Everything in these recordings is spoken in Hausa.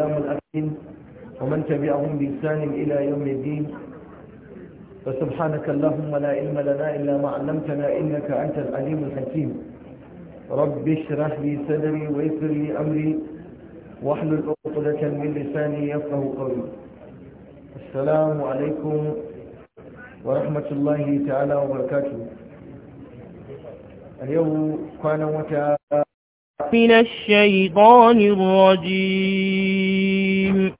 السلام الأمين ومن تبعهم بإحسان إلى يوم الدين فسبحانك اللهم لا علم لنا إلا ما علمتنا إنك أنت العليم الحكيم رب اشرح لي صدري ويسر لي أمري واحلل عقدة من لساني يفقه قولي السلام عليكم ورحمة الله تعالى وبركاته اليوم كان متى من الشيطان الرجيم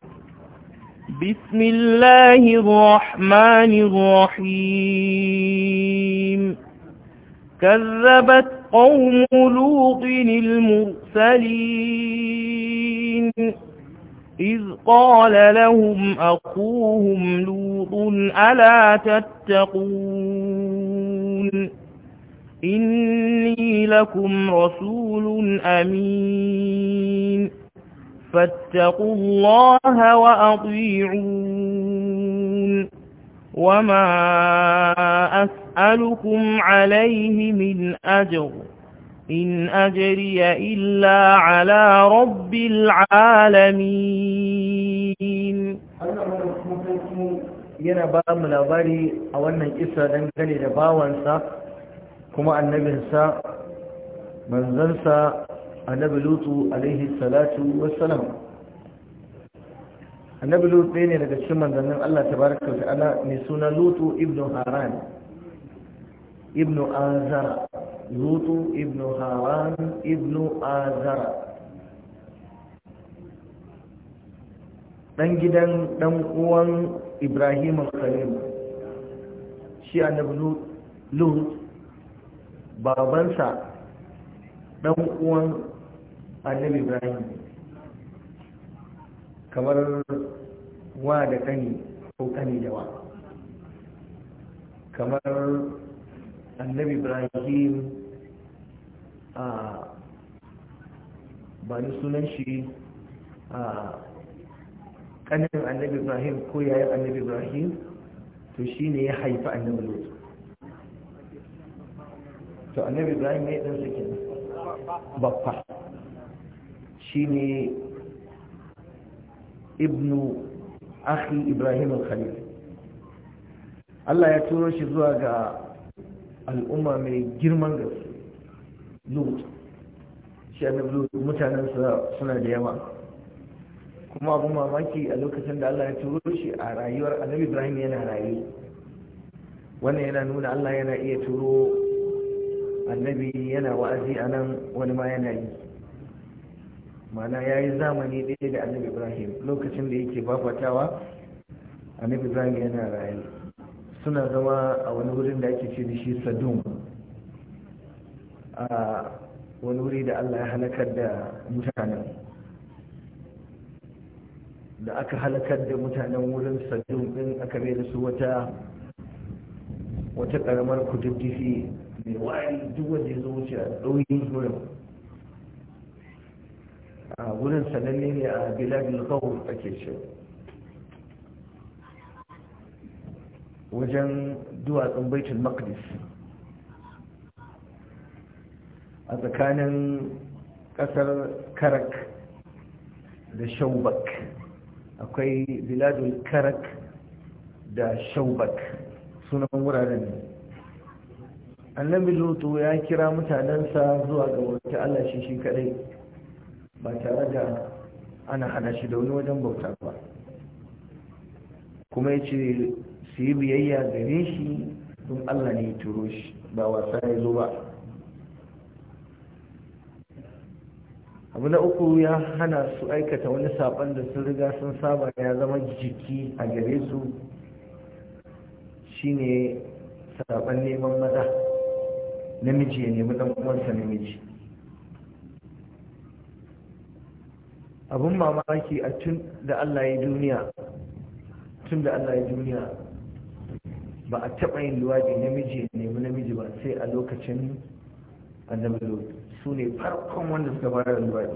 بسم الله الرحمن الرحيم كذبت قوم لوط المرسلين إذ قال لهم أخوهم لوط ألا تتقون إني لكم رسول أمين فاتقوا الله وأطيعون وما أسألكم عليه من أجر إن أجري إلا على رب العالمين yana ba mu labari a wannan kisa dangane da bawansa kuma annabinsa manzansa annabi lutu alaihi salatu wassalam annabi lutu ne daga cikin manzannin Allah tabaraka wa ta'ala mai suna lutu Ibn haran ibnu azara lutu ibnu haran ibnu azara dan gidan dan uwan ibrahim al-khalil shi annabi lut babansa ɗan uwan annabi ibrahim kamar wa da kani ko kani da wa kamar annabi ibrahim a ba ni sunan shi a kanin annabi ibrahim ko yayin annabi ibrahim to shine ya haifi annabi lutu to annabi ibrahim ne ɗansa kenan babba shine ibnu akhi ibrahim al-khalil Allah ya turo shi zuwa ga al'umma mai girman gaske lut shi annabi lut sa suna da yawa kuma abu mamaki a lokacin da Allah ya turo shi a rayuwar annabi ibrahim yana raye wannan yana nuna Allah yana iya turo annabi yana wa'azi a nan wani ma yana yi mana ya yi zamani ɗaya da annabi ibrahim lokacin da yake babatawa annabi ibrahim yana raye suna zama a wani wurin da ake ce da shi sadum a wani wuri da allah ya halakar da mutanen da aka halakar da mutanen wurin sadum ɗin aka mai da su wata wata ƙaramar kududdufi mai wa'ayi duk wanda ya zo wuce a ɗauyin gurin a wurin sananne ne a biladin kawun ake ce wajen duwatsun baitul maqdis a tsakanin ƙasar karak da shaubak akwai biladun karak da shaubak sunan wuraren ne annabi lutu ya kira mutanensa zuwa ga wata allah shi shi kadai ba tare da ana hada shi da wani wajen bauta ba kuma ya ce su yi biyayya gare shi don allah ne turo shi ba wasa ya zo ba abu na uku ya hana su aikata wani saban da sun riga sun saba ya zama jiki a gare su shine saban neman maza namiji ya nemi dan uwansa namiji abun mamaki a tun da Allah ya duniya tun da Allah ya duniya ba a taɓa yin luwaɗi namiji ya nemi namiji ba sai a lokacin annabi lo su ne farkon wanda suka fara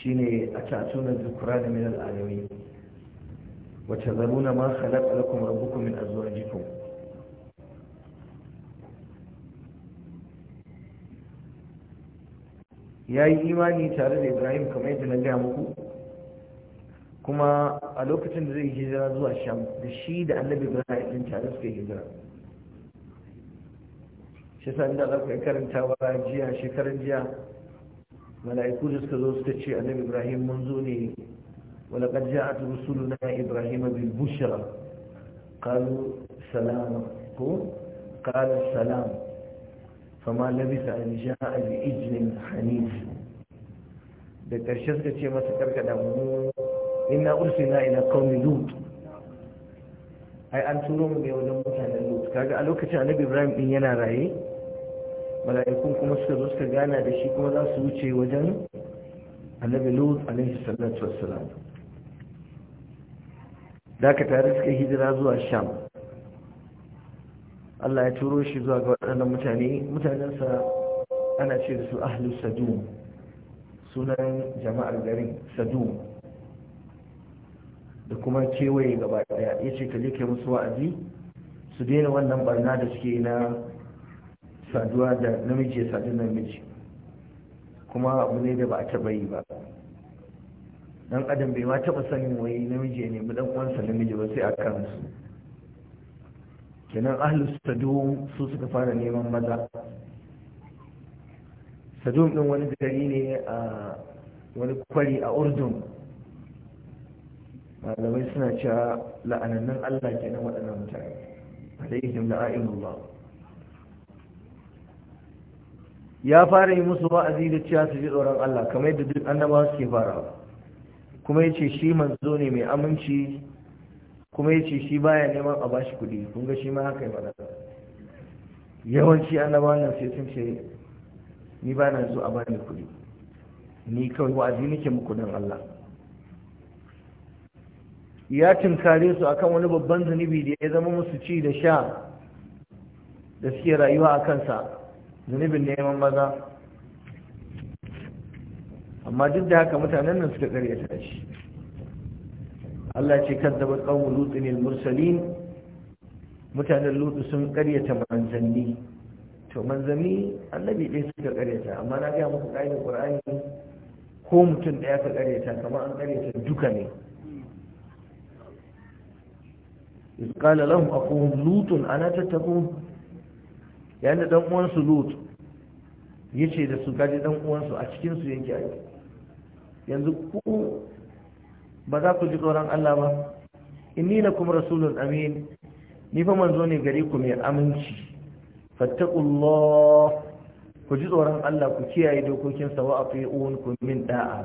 Shi ne a tatunan zukura da min al'alami wacce zaruna ma khalaqa lakum rabbukum min azwajikum ya yi imani tare da ibrahim kamar yadda na gaya muku kuma a lokacin da zai hijira zuwa sham da shi da annabi ibrahim yankin tare suka hijira shi sa inda za ku yi karantawa jiya shekaran jiya mala'iku da suka zo suka ce annabi ibrahim mun zo ne ibrahim a رسلنا إبراهيم بالبشرى salam ko Kalu salam fama labisa an ja'a bi ijlin hanif da ƙarshe suka ce masa karkada mu inna ursina Ina qaumi lut ai an turo mu ne wajen mutanen lut kaga a lokacin annabi ibrahim din yana raye mala'ikun kuma suka zo suka gana da shi kuma za su wuce wajen annabi lut alaihi salatu wassalam da ka tare suka hijira zuwa sham Allah ya turo shi zuwa ga waɗannan mutane mutanensa ana ce da su ahlu sadum sunan jama'ar garin sadum da kuma kewaye gaba ɗaya ya ce ka je kai musu wa'azi su daina wannan barna da suke na saduwa da namiji ya sadu namiji kuma abu ne da ba a taɓa yi ba dan adam bai ma taɓa sanin wai namiji ne mu dan uwansa namiji ba sai a kansu kenan ahlus sadum su suka fara neman maza sadum din wani gari ne a wani kwari a urdun malamai suna cewa la'anannan allah kenan waɗannan mutane alaihim la'ainullah ya fara yi musu wa'azi da cewa su ji tsoron Allah kamar yadda duk annabawa suke farawa kuma yace shi manzo ne mai aminci kuma ya ce shi baya neman a bashi kuɗi kun ga shi ma haka yi mana yawanci annabawan nan sai sun ce ni ba na zo a bani kuɗi ni kawai wa'azi nake muku don Allah ya tunkare su akan wani babban zunubi da ya zama musu ci da sha da suke rayuwa a kansa zunubin neman maza amma duk da haka mutanen nan suka karyata shi Allah ce kaddaba qawmu lutin al-mursalin mutanen lutu sun karyata manzanni to manzanni annabi dai suka karyata amma na ga muku kaidar qur'ani ko mutum ɗaya ka karyata kamar an karyata duka ne إذ قال لهم ana لوط أنا تتقون يعني دم uwansu لوط yace da su gaji dan uwansu a cikin su yake aiki yanzu ku ba za ku ji tsoron Allah ba inni kuma rasulun amin ni fa manzo ne gare ku mai aminci fattaqullah ku ji tsoron Allah ku kiyaye dokokin sa wa afi'un ku min da'a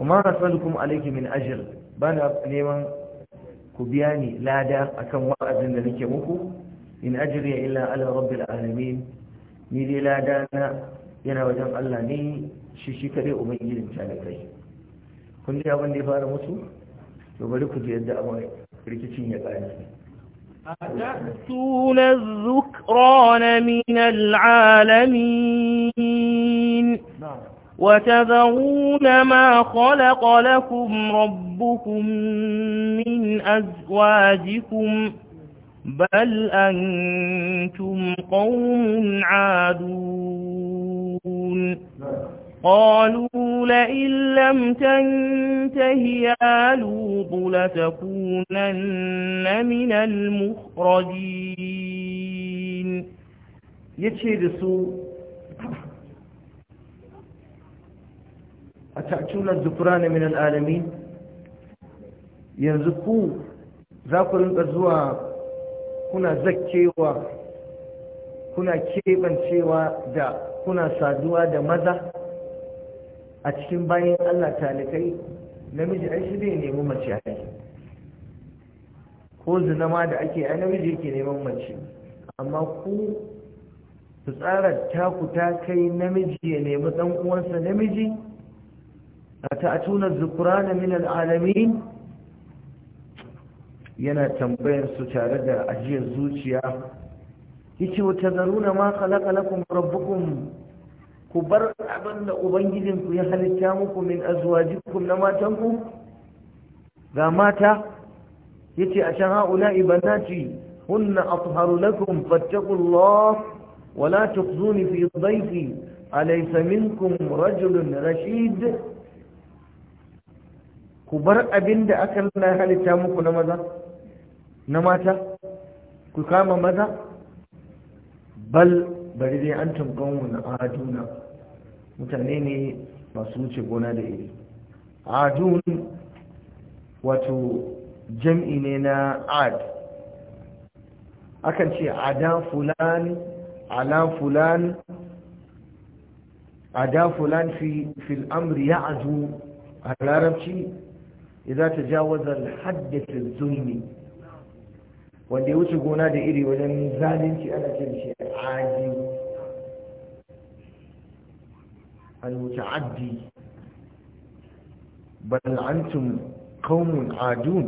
kuma rasalukum alayhi min ajr bana neman ku biya ni lada akan wa'azin da nake muku in ajri illa ala rabbil alamin ni dai lada na yana wajen Allah ne shi shi kare ubangijin talakai kun ji abin da ya fara musu to bari ku ji yadda abin rikicin ya أتأتون الذكران من العالمين نعم. وتذرون ما خلق لكم ربكم من أزواجكم بل أنتم قوم عادون نعم. قالوا لئن لم تنته يا لوط لتكونن من المخرجين yace da su a ta'tunar zufrana min al'alamin yanzu ku za ku rinka zuwa kuna zakkewa kuna keɓancewa da kuna saduwa da maza a cikin bayan Allah talikai namiji ai shi bai nemi mace yi ko zinama da ake a namiji yake neman mace amma ku su taku ta kai namiji ya nemi dan uwansa namiji zukura na minan alami? yana tambayar su tare da ajiyar zuciya yake wata zaruna ma khalaqa lakum rabbukum ku bar abin da ubangijinku ya halitta muku min azwajikum na matanku ga mata yace a can haula ibanati hunna atharu lakum fattaqullah wa la fi dhayfi alaysa minkum rajulun rashid ku bar abin da aka halitta muku na maza na mata ku kama maza bal bari dai an tamkan wani aduna mutane ne masu wuce gona da iri adun wato jam'i ne na ad akan ce adan fulani ala fulani ada fulani fi fil amri ya'zu a larabci idan tajawaza al-hadd fi zulmi wanda ya wuce gona da iri wajen zalunci ana ce shi aji al-muta'addi bal antum qaumun adun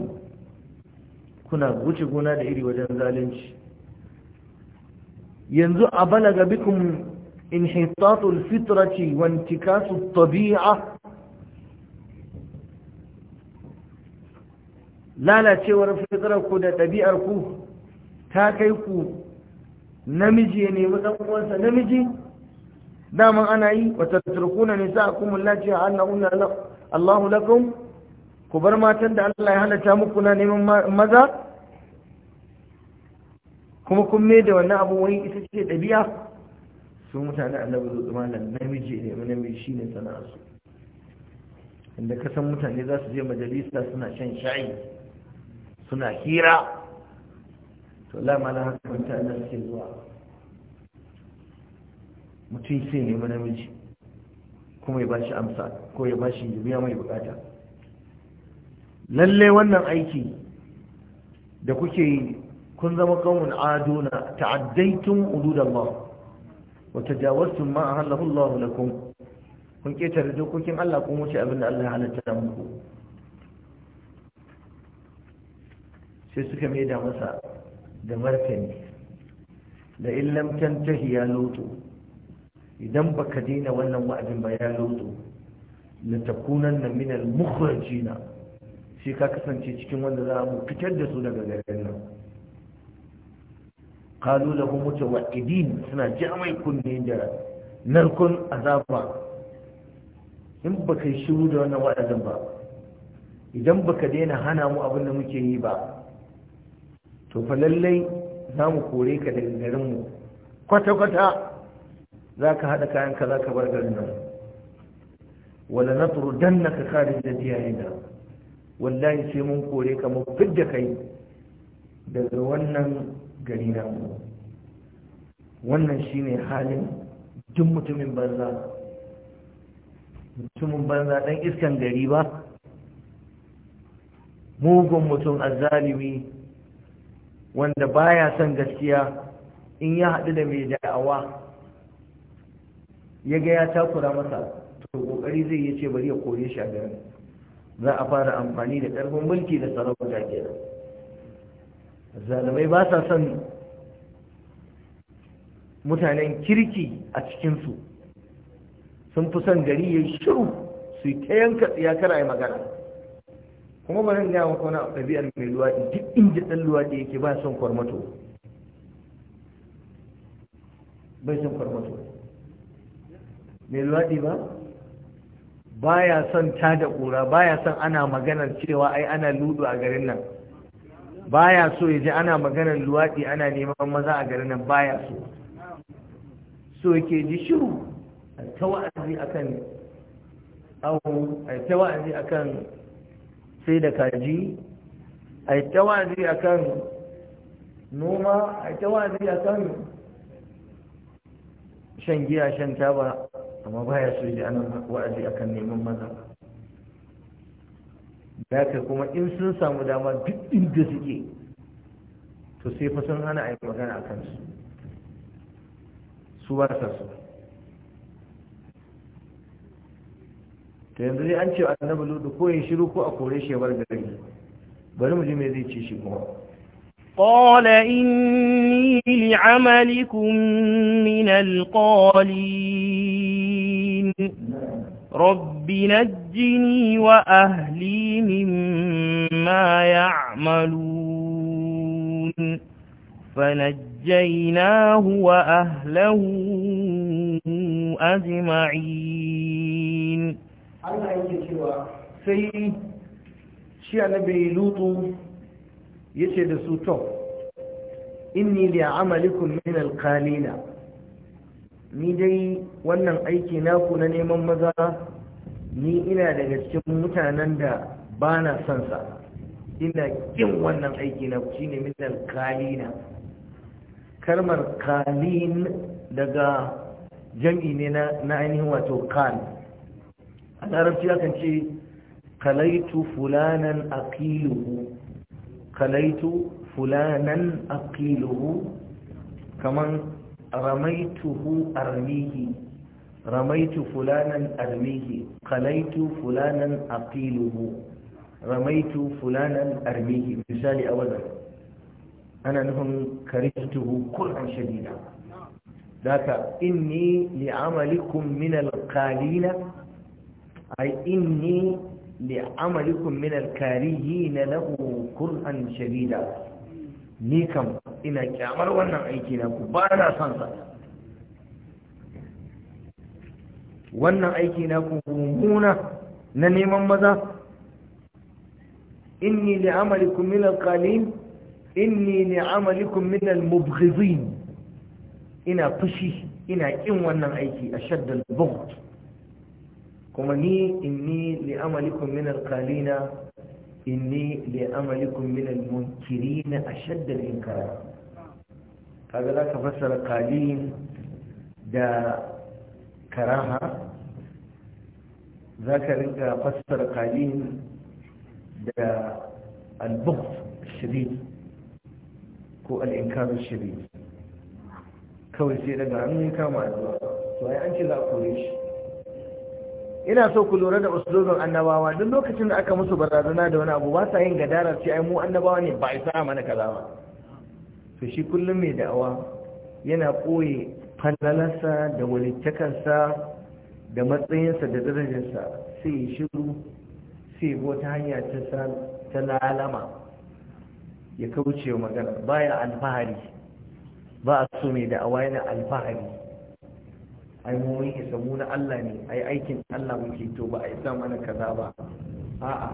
kuna wuce gona da iri wajen zalunci yanzu a balaga bikum inhitatul fitrati wa intikasu tabi'a lalacewar fitrarku da ɗabi'ar ku ta kai ku namiji ya nemi uwansa namiji daman ana yi wa tatrukuna nisa'akum allati halahunna Allahu lakum ku bar matan da Allah ya halatta muku na neman maza kuma kun me da wannan abu wani ita ce ɗabi'a su mutane labar zuwa malam namiji ne namiji sana'a su. inda kasan mutane za su je majalisa suna shan shayi suna hira to la haka mutane suke zuwa mutum sai nemi namiji kuma ya bashi amsa ko ya bashi biya mai bukata lalle wannan aiki da kuke yi kun zama qaumun aduna ta'addaytum hududallah wa tajawaztum ma ahallahu Allah lakum kun ketare dokokin Allah kun wuce abin da Allah ya halatta muku sai suka maida masa da martani da illam tantahi ya lutu idan ba ka daina wannan wa'adin ba ya na takunan na minar al na sai ka kasance cikin wanda za mu fitar da su daga garin nan da kuma lahum Wa'idin suna jami'ai kunne da narkon azaba in ba ka yi shiru da wannan wa'adin ba idan ba ka daina hana mu abin da muke yi ba to fa lallai za mu kore ka daga garinmu mu kwata-kwata za ka haɗa kayanka za ka bar garin nan wala na turu dan na ka kare da diyarina wallahi sai mun kore ka mu fidda kai daga wannan gari na mu. wannan shine halin duk mutumin banza mutumin banza dan iskan gari ba mugun mutum azzalimi wanda baya son gaskiya in ya haɗu da mai da'awa ya ga ya takura masa to kokari zai yi ce bari ya kore shi a garin za a fara amfani da karfin mulki da sarauta da. zalimai ba sa son mutanen kirki a cikinsu sun fi son gari ya shiru su ta yanka tsiyakar a yi magana kuma ba zan gaya wani ɗabi'ar mai luwaɗi duk inda ɗan luwaɗi yake ba son kwarmato bai son kwarmato mai luwaɗi ba baya son tada ƙura baya son ana maganar cewa ai ana ludu a garin nan baya so ya ji ana maganar luwaɗi ana neman maza a garin nan baya so so yake ji shiru ta wa'azi a kan ta sai da kaji a ta wa'azi kan noma a ta wa'azi kan shan giya shan taba amma baya so ji ana wa'azi akan neman maza da ka kuma in sun samu dama duk inda suke to sai fa sun hana a magana a kansu su ba sa su ta yanzu dai an ce annabi lodu ko ya shiru ko a kore shi ya bar gari bari mu ji me zai ci shi kuma قال إني لعملكم من القالين رب نجني وأهلي مما يعملون فنجيناه وأهله أجمعين الله يجيكوا سيدي شيء نبي لوطو yace da su to inni li amalikum min alqalina ni dai wannan aiki naku na neman maza ni ina daga cikin mutanen da ba na son sa ina kin wannan aiki na ku shine min alqalina kalmar qalin daga jam'i ne na ainihin wato kan a larabci akan ce kalaitu fulanan aqiluhu kalaitu fulanan aqiluhu kaman ramaituhu armihi ramaitu fulanan armihi kalaitu fulanan aqiluhu ramaitu fulanan armihi misali a wajen ana nufin karituhu kur'an shadida ذاك إني لعملكم من القالين أي إني li'amalikum min al na lahu kurhan shadida ni kam ina kyamar wannan aiki na ku ba na son sa wannan aiki na ku mummuna na neman maza inni li'amalikum min al-qalin inni li'amalikum min al-mubghidin ina fushi ina kin wannan aiki ashaddal bughd kuma ni inni li amalikum min alqalina inni li amalikum min almunkirin ashadda al-inkar kaga za ka fassara qalin da karaha za ka rinka fassara qalin da al-bughd ko al-inkar kawai sai daga an kama addu'a to ai an ce za a kore shi ina so ku lura da usulun annabawa duk lokacin da aka musu barazana da wani abu ba sa yin gadara ce ai mu annabawa ne ba isa mana kaza ba to shi kullum mai da'awa yana koyi falalarsa da walittakarsa da matsayinsa da darajarsa sai ya shiru sai go ta hanya ta lalama ya kauce magana. magana baya alfahari ba a so mai da'awa yana alfahari ai mu mun isa mu na Allah ne ai aikin Allah muke to ba a isa mana kaza ba a'a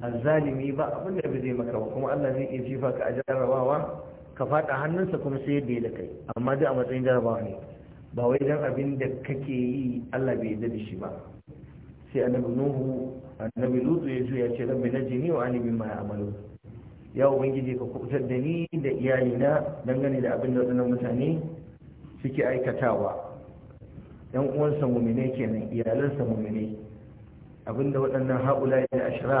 azzalimi ba abin da zai maka ba kuma Allah zai iya jifa ka a jarrabawa ka fada hannunsa kuma sai yadda da kai amma duk a matsayin jarrabawa ne ba wai dan abin da kake yi Allah bai yarda da shi ba sai annabi nuhu annabi lutu ya ya ce rabbi najini wa ani mimma ya'malu ya ubangiji ka kubutar da ni da iyalina dangane da abin da wadannan mutane suke aikatawa yan uwansa mumine kenan iyalansa mumine abinda waɗannan haula a ashra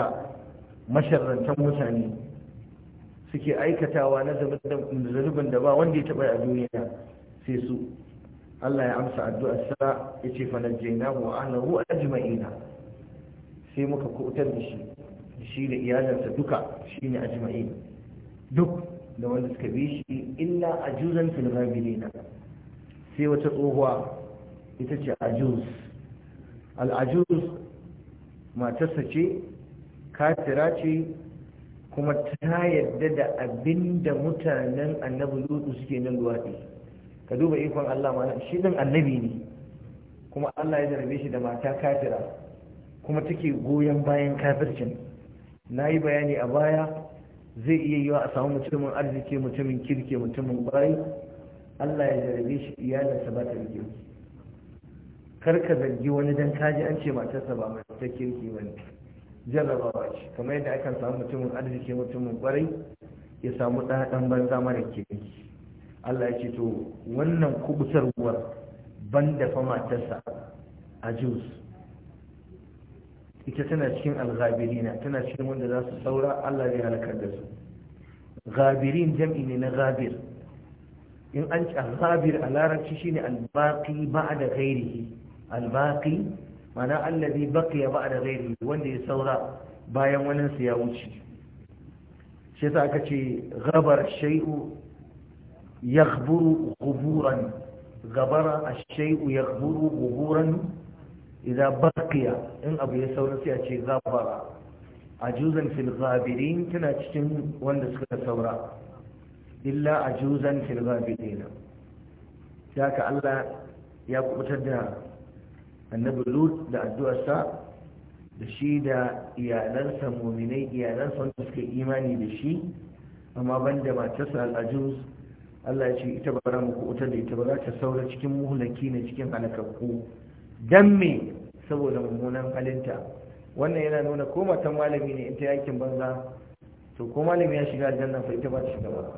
masharrantan mutane suke aikatawa na zanubin da ba wanda ya taɓa a duniya sai su Allah ya amsa Addu'a sa ya ce fa najjayna wa ahlahu ajma'ina sai muka kutar da shi shi da iyalansa duka shine ajma'in duk da wanda suka bi shi illa ajuzan fil sai wata tsohuwa ita ce ajuz al'ajuz matarsa ce katira ce kuma ta yadda da abinda mutanen annabi lutu suke nan luwaɗi ka duba ikon Allah ma shi ɗin annabi ne kuma Allah ya zarabe shi da mata katira kuma take goyon bayan kafircin na yi bayani a baya zai iya yiwa a samu mutumin arziki mutumin kirke mutumin bayi Allah ya zarabe shi iyalinsa ba ta rike kar ka zargi wani dan kaji an ce matarsa ba matar kirki ba ne jarrabawa ce kamar yadda akan samu mutumin arziki mutumin kwarai ya samu ɗan banza mara kirki Allah ya ce to wannan kubutarwar ban da fa matarsa a jus ita tana cikin alghabirina tana cikin wanda za su saura Allah zai halakar da su ghabirin jam'i ne na ghabir in an ci ghabir a larabci shine ba da ghairihi albaqi mana allazi a da ghairi wanda ya saura bayan wani su ya wuce shi yasa aka ce ghabar shay'u yaghburu ghuburan ghabara ash-shay'u yaghburu ghuburan idan bakiya. in abu ya saura sai a ce gabara. ajuzan fil tana cikin wanda suka saura illa ajuzan fil Ya ka Allah ya kubutar da annabi lut da addu'arsa da shi da iyalansa mominai iyalansa wanda suka yi imani da shi amma ban da matarsa al'ajus Allah ya ce ita ba za mu kuɓutar da ita ba za ta saura cikin muhulaki na cikin halakakku dan me saboda mummunan halinta wannan yana nuna ko matan malami ne ita yakin banza to ko malami ya shiga aljanna fa ita ba ta shiga ba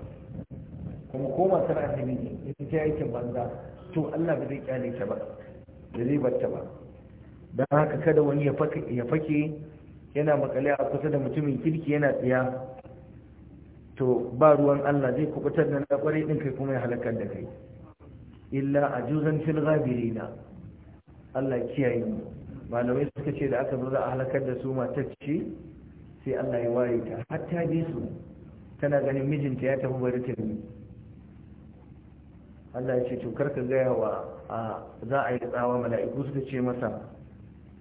kuma ko matar annabi ne ita yakin banza to Allah ba zai kyale ta ba da ribarta ba don haka kada wani ya fake yana makale a kusa da mutumin kirki yana tsaya, to ba ruwan Allah zai kubutar da na kwarai din kai kuma ya halakar da kai illa a juzan fil ghabirina Allah kiyaye mu malamai suka ce da aka zo za a halakar da su matacce sai Allah ya waye ta hatta bi su tana ganin mijinta ya tafi bari ta Allah ya ce to karka gaya wa za a yi tsawa mala'iku suka ce masa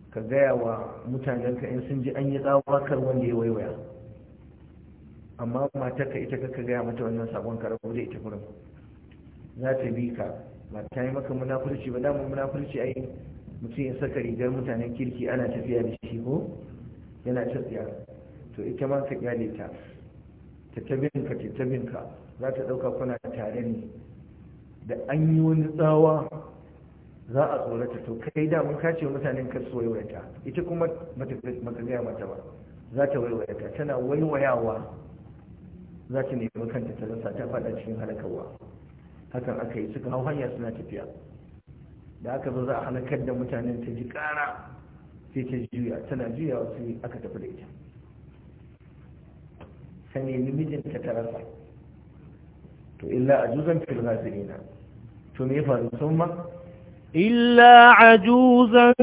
ka gaya wa mutanenka in sun ji an yi tsawa kar wanda ya waiwaya amma matar ka ita ka gaya mata wannan sabon karabu da ita kurin za ta bi ka ba ta yi maka munafurci ba damar munafurci yi mutum ya saka rigar mutanen kirki ana tafiya da shi ko yana ta to ita ma ka kyale ta tabin ka tabin ka za ta ɗauka kuna tare ne da an yi wani tsawa za a tsorata to kai da mun kace mutanen kar su waiwayata ita kuma mata gaya mata ba za ta waiwayata tana waiwayawa za ta nemi kanta ta rasa ta faɗa cikin halakarwa hakan aka yi suka hau hanya suna tafiya da aka zo za a halakar da mutanen ta ji ƙara sai ta juya tana juya sai aka tafi da ita ta nemi mijinta ta rasa to illa a juzan filgasirina to me ya faru sun ma إلا عجوزا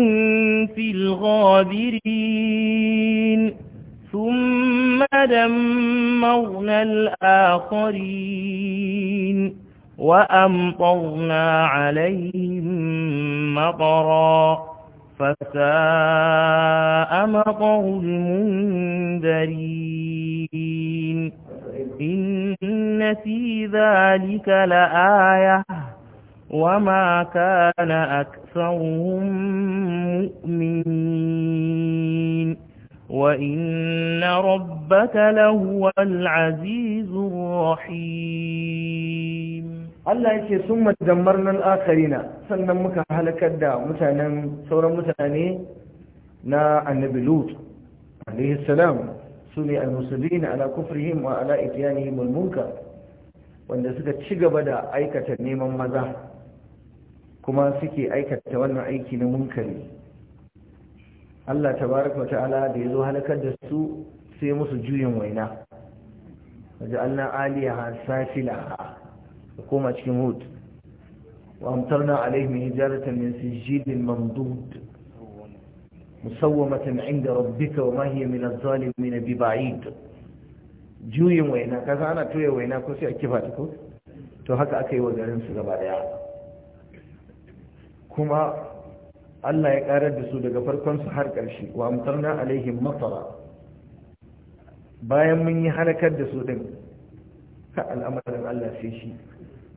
في الغابرين ثم دمرنا الآخرين وأمطرنا عليهم مطرا فساء مطر المنذرين إن في ذلك لآية وما كان أكثرهم مؤمنين وإن ربك لهو العزيز الرحيم Allah yake sun majammar nan akarina sannan muka halakar da mutanen sauran mutane na annabi Lut alaihi salam su ne al-musulmin ala kufrihim wa ala itiyanihim al wanda suka ci gaba da aikata neman maza kuma suke aikata wannan aiki na munkari Allah tabaraka wa ta'ala da yazo halakar da su sai musu juyin waina waja'alna aliyaha safilaha koma cikin hud wa amtarna alaihim hijaratan min sijilin mamdud musawwamatan 'inda rabbika wa ma hiya min adh na biba'id juyin waina kaza ana toye waina ko sai a kifa ta ko to haka aka yi wa garin su gaba daya kuma Allah ya ƙarar da su daga farkon su har ƙarshe wa amtarna alaihim matara bayan mun yi halakar da su ɗin, ka al'amarin Allah sai shi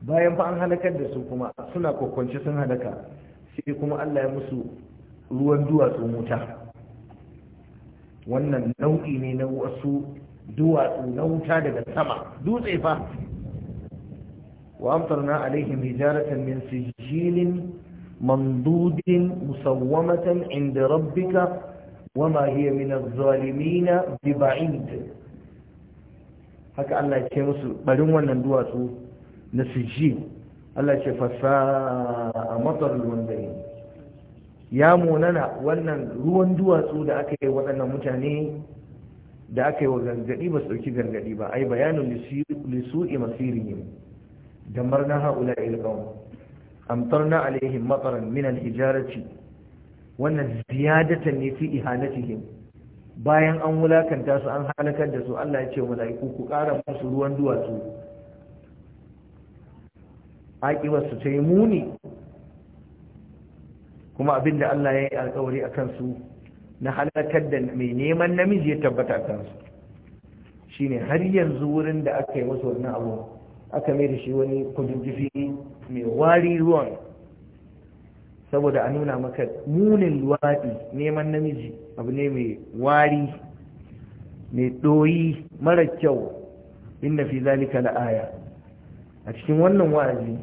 bayan fa an halakar da su kuma suna kokwanci sun halaka sai kuma Allah ya musu ruwan duwatsu mota. wannan nau'i ne na wasu duwatsu na wuta daga sama dutse fa wa amtarna alaihim hijaratan min sijilin ممدود مسومة عند ربك وما هي من الظالمين ببعيد haka Allah ce musu barin wannan duwatsu na sujji Allah ce fasa a matsar ne. ya munana wannan ruwan duwatsu da aka yi waɗannan mutane da aka yi wa gargaɗi ba su ɗauki gargaɗi ba ai bayanin lissu'i masiri ne da marna ha'ula ilgawun amtarna alaihim mataran min hijarati wannan ziyadatan ne fi ihanatihim bayan an wulakanta su an halakar da su Allah ya ce mala'iku ku ƙara musu ruwan duwatsu aƙiwar su ta yi muni kuma abinda Allah ya yi alƙawari a kansu na halakar da mai neman namiji ya tabbata a kansu shine har yanzu wurin da aka yi wasu wannan abu aka mai da shi wani kududdufi mai wari ruwan saboda a nuna maka munin luwaɗi neman namiji abu ne mai wari mai ɗoyi mara kyau inda fi zalika aya. a cikin wannan wa'azi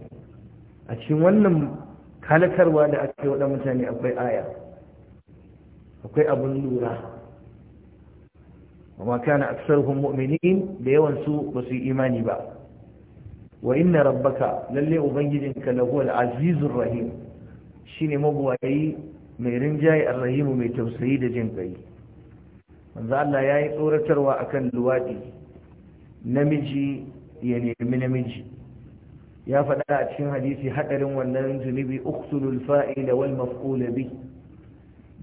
a cikin wannan kalakarwa da aka yi mutane akwai aya akwai abun lura wa ma kana aksaruhum mu'minin da yawan su ba su yi imani ba wa inna rabbaka lalle ubangijinka lahu al-azizur rahim shine mabuwayi mai rinjaye ar mai tausayi da jin kai manzo ya yi tsoratarwa akan luwaɗi. namiji ya nemi namiji ya faɗa a cikin hadisi haɗarin wannan zunubi uqtulul fa'ila wal maf'ul bi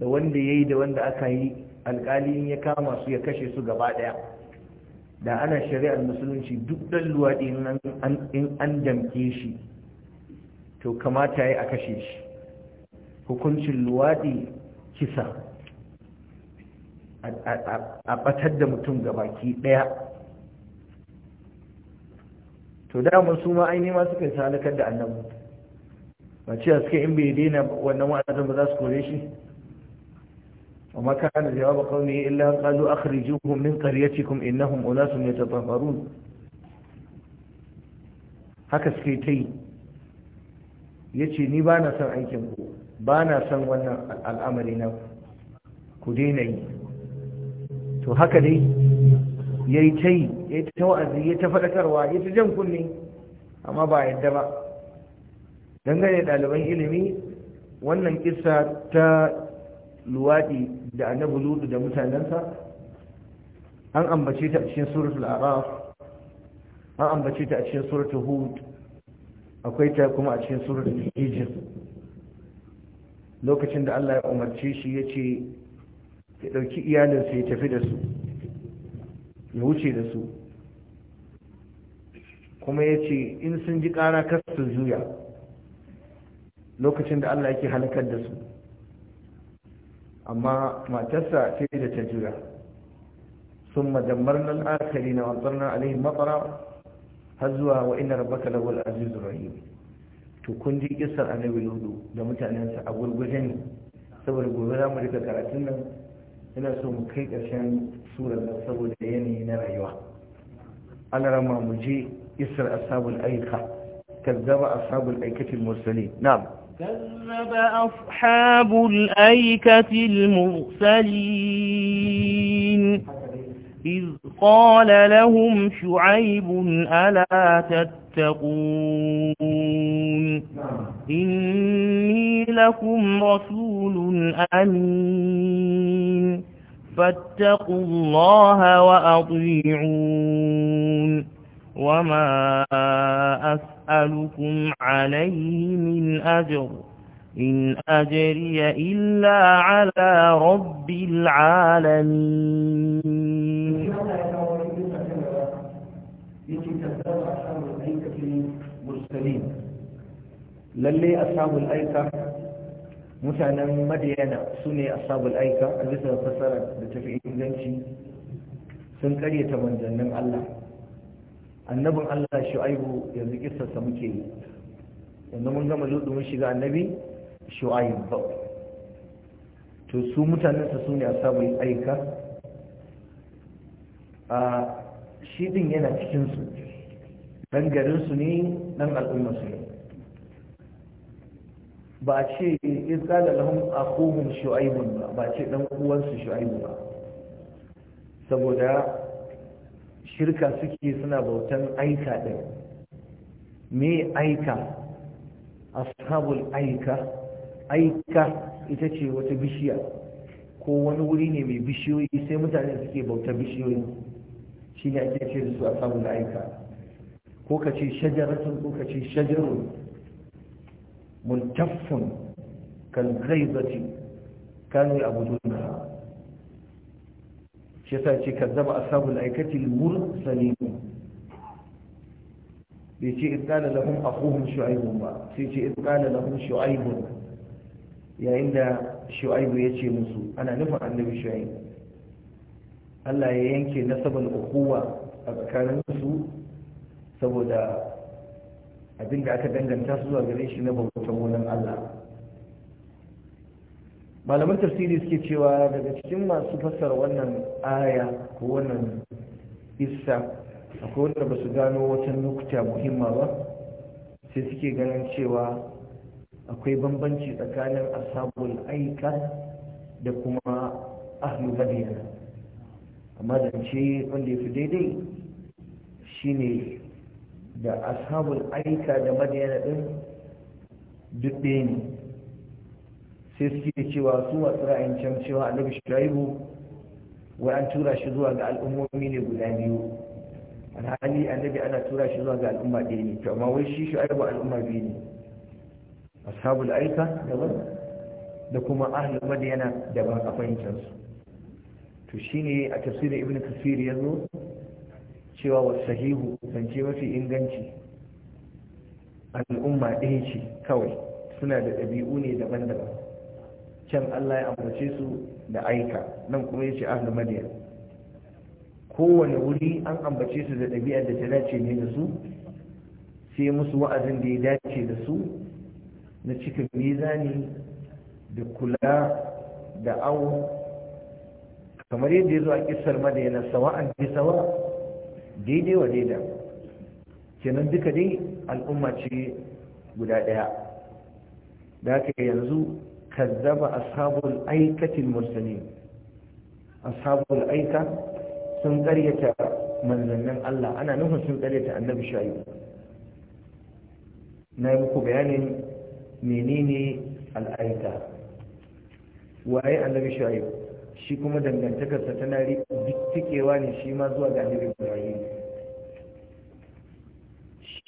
da wanda yayi da wanda aka yi alƙali ya kama su ya kashe su gaba ɗaya. da ana shari'ar musulunci duk ɗan luwaɗi in an damke shi to kamata ya a kashe shi hukuncin luwaɗi kisa a ɓatar da mutum gabaki ɗaya to damar su ma aini ma suka yi da annabu. ba cewa suka in bai daina wannan wa'azin ba za su kore shi وما كان جواب قومه إلا قالوا أخرجوهم من قريتكم إنهم أناس يتطهرون haka suke ta yi ya ce ni ba na son aikin ba na son wannan al'amari na ku daina yi to haka dai ya yi ta yi ya ta wa'azi ya ta faɗakarwa ya ta jan kunne amma ba yadda ba dangane ɗaliban ilimi wannan kisa ta luwaɗi da annabi ludu da mutanensa an ambace ta a cikin suratul araf an ambace ta a cikin suratul hud akwai ta kuma a cikin suratul hijr lokacin da Allah ya umarce shi ya ce ya ɗauki iyalinsa ya tafi da su ya wuce da su kuma ya ce in sun ji ƙara kar su juya lokacin da Allah yake halakar da su amma matarsa ce da ta jira. sun madammarna al'akari na wantsarna alaihi matsara har zuwa wa ina rabbaka lawal azizur rahim to kun ji kissar annabi ludu da mutanensa a gurguje ne saboda gobe za mu rika karatun nan ina so mu kai ƙarshen surar nan saboda yanayi na rayuwa an rama mu je isar ashabul aika kazzaba ashabul aikatil mursalin na'am كذب أصحاب الأيكة المرسلين إذ قال لهم شعيب ألا تتقون إني لكم رسول أمين فاتقوا الله وأطيعون وما أسألكم عليه من أجر إن أجري إلا على رب العالمين للي أصحاب الأيكة مثلا مدينة سني أصحاب الأيكة الذي تصرف بتفعيل ذنشي سنكرية من جنم الله annabin Allah shu'aibu yanzu kissarsa muke yi yanzu mun gama ludu mun shiga annabi Shu'aibu. to su mutanensa su ne a samun aika a shi din yana cikin su dan garin su ne dan al'umma su ne ba ce tsada qala lahum akhuhum shu'aibun ba ba ce ɗan uwansu Shu'aibu ba saboda shirka suke suna bautan aika ɗin me aika ashabul aika aika ita ce wata bishiya ko wani wuri ne mai bishiyoyi sai mutane suke bauta bishiyoyi shi ne ake ce da su ashabul aika ko ka ce shajaratun ko ka ce shajarun muntaffun kalgaibati kanu abu duniya shi yasa ce kazzaba ashabul aikati al-mursalin bai ce idan lahum akhuhum shu'aib ba sai ce idan lahum shu'aib yayin da shu'aib ya ce musu ana nufin annabi shu'aib Allah ya yanke nasabar ukuwa a tsakanin su saboda abin da aka danganta su zuwa gare shi na bautan wurin Allah malaman tafsiri suke cewa daga cikin masu fassara wannan aya ko wannan isa akwai wanda ba su gano wata nukta muhimma ba sai suke ganin cewa akwai bambanci tsakanin asabul aika da kuma ahlu madina amma da ce wanda ya fi daidai shine da ashabul aika da madina din duk ne sai suke cewa su masu ra'ayin can cewa annabi shuaibu wai an tura shi zuwa ga al'ummomi ne guda biyu alhali annabi ana tura shi zuwa ga al'umma ɗaya ne to amma wai shi shuaibu al'umma biyu ne ashabul aika daban da kuma ahlul madiyana daban a fahimtar su to shine a tafsirin ibn kasir yazo cewa wa sahihu zance mafi inganci al'umma ɗaya ce kawai suna da ɗabi'u ne daban-daban can Allah ya ambace su da aika nan kuma ya ce ahlu kowane wuri an ambace su da ɗabi'ar da ta dace ne da su sai musu wa'azin da ya dace da su na cikin mizani da kula da awo kamar yadda ya zo a kisar sawa sawa'an da sawa daidai wa daida kenan duka dai al'umma ce guda ɗaya da haka yanzu كذب أصحاب الأيكة المرسلين أصحاب الأيكة سنقرية من ذنن الله أنا نهو سنقرية النبي شايف نايمك بيان منيني الأيكة وأي النبي شايف shi kuma dangantakarsa tana tikewa ne shi ma zuwa ga annabi ibrahim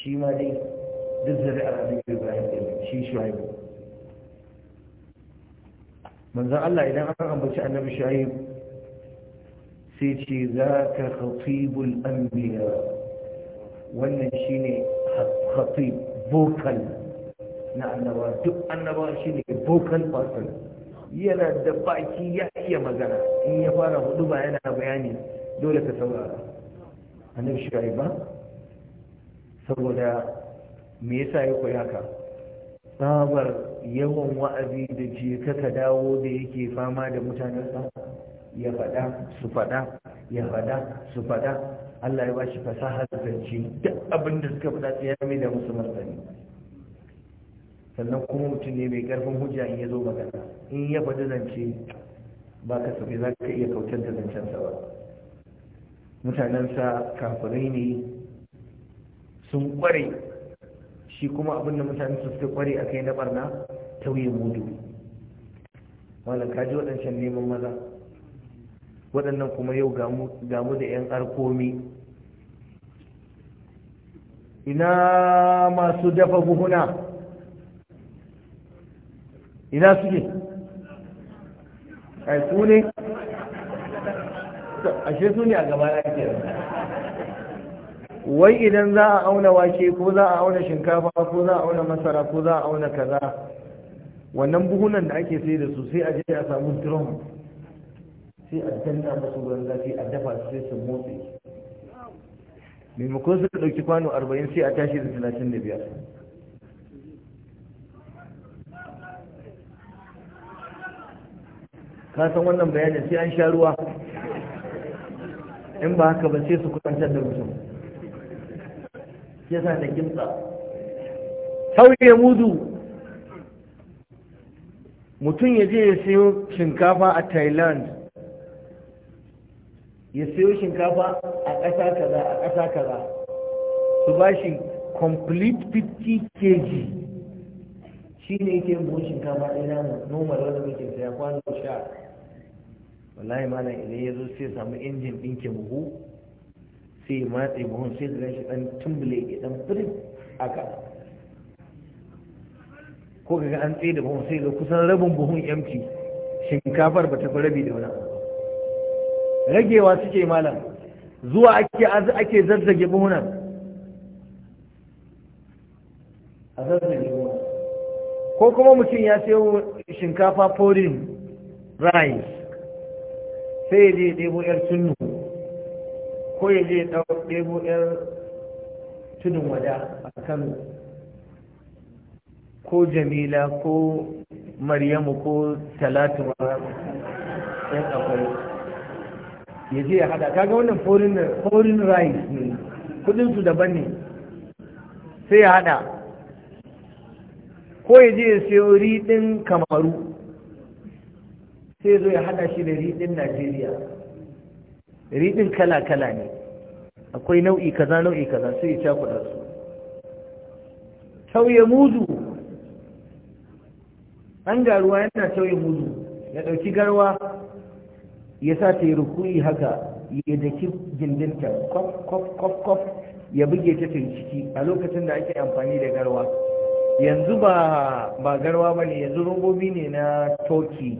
shi ma dai duk zuri'ar manzan Allah idan an ambaci annabi shu'aib sai ce za ka khatibul anbiya wannan shine khatib vocal na annaba duk annaba ne vocal person yana da baki ya iya magana in ya fara hudu ba yana bayani dole ka saurara annabi shu'aib ba saboda me yasa ya koyi haka sabar yawan wa'azi da jeka ka dawo da yake fama da mutanensa ya faɗa su faɗa ya faɗa su faɗa Allah ya bashi fasahar zance duk abin da suka faɗa ya mai da musu martani sannan kuma mutum ne mai karfin hujja in ya zo magana in ya faɗi zance ba ka tafi za ka iya kautar da zancensa ba mutanensa kafirai ne sun kware shi kuma abin da mutane su suka kware a kai na barna wuyi mudu wannan kaji waɗancan neman maza waɗannan kuma yau gamu da 'yan arkomi ina masu dafa buhuna ina suke ai su ne ashe su ne a gaba ya ke wai idan za a auna wake ko za a auna shinkafa ko za a auna masara ko za a auna kaza wannan buhunan da ake sai da su sai a je a samu drum sai a danna musu wurin zafi a dafa su sai su motsi maimakon su ɗauki kwano arba'in sai a tashi da 35 da biyar ka san wannan bayanin sai an sha ruwa in ba haka ba sai su kwantar da mutum shi yasa da kimsa sauye mudu mutum ya je ya siyo shinkafa a thailand ya sayo shinkafa a ƙasa kaza a ƙasa kaza su ba shi complete 50 kg shi ne yake buhun shinkafa ɗaya namu normal wanda muke saya kwano sha wallahi malam idan ya zo sai samu injin ɗinke buhu sai ya matse buhun sai da shi dan tumbule ya dan firin aka ko kaga an tsaye da buhun sai ga kusan rabin buhun yamci shinkafar ba ta fi rabi da wani ragewa suke malam zuwa ake ake zazzage buhuna a zazzage buhuna ko kuma mutum ya sayo shinkafa forin rice sai ya je ɗebo yar sunnu ko ya je ɗebo yar tudun wada a kan ko jamila ko maryamu ko talatu ba yan akwai ya je ya hada kaga wannan foreign rights ne kudinsu daban ne sai ya hada ko ya je ya sayo riɗin kamaru sai zo ya hada shi da riɗin najeriya ridin kala-kala ne akwai nau'i kaza nau'i kaza sai ya cakuɗa su tauye mudu an garuwa yana tauye mudu ya ɗauki garwa ya sa ta yi rukuri haka ya daki gindinta kwaf kwaf kwaf ya buge ta ciki a lokacin da ake amfani da garwa yanzu ba ba garwa ba ne yanzu rungobi ne na toki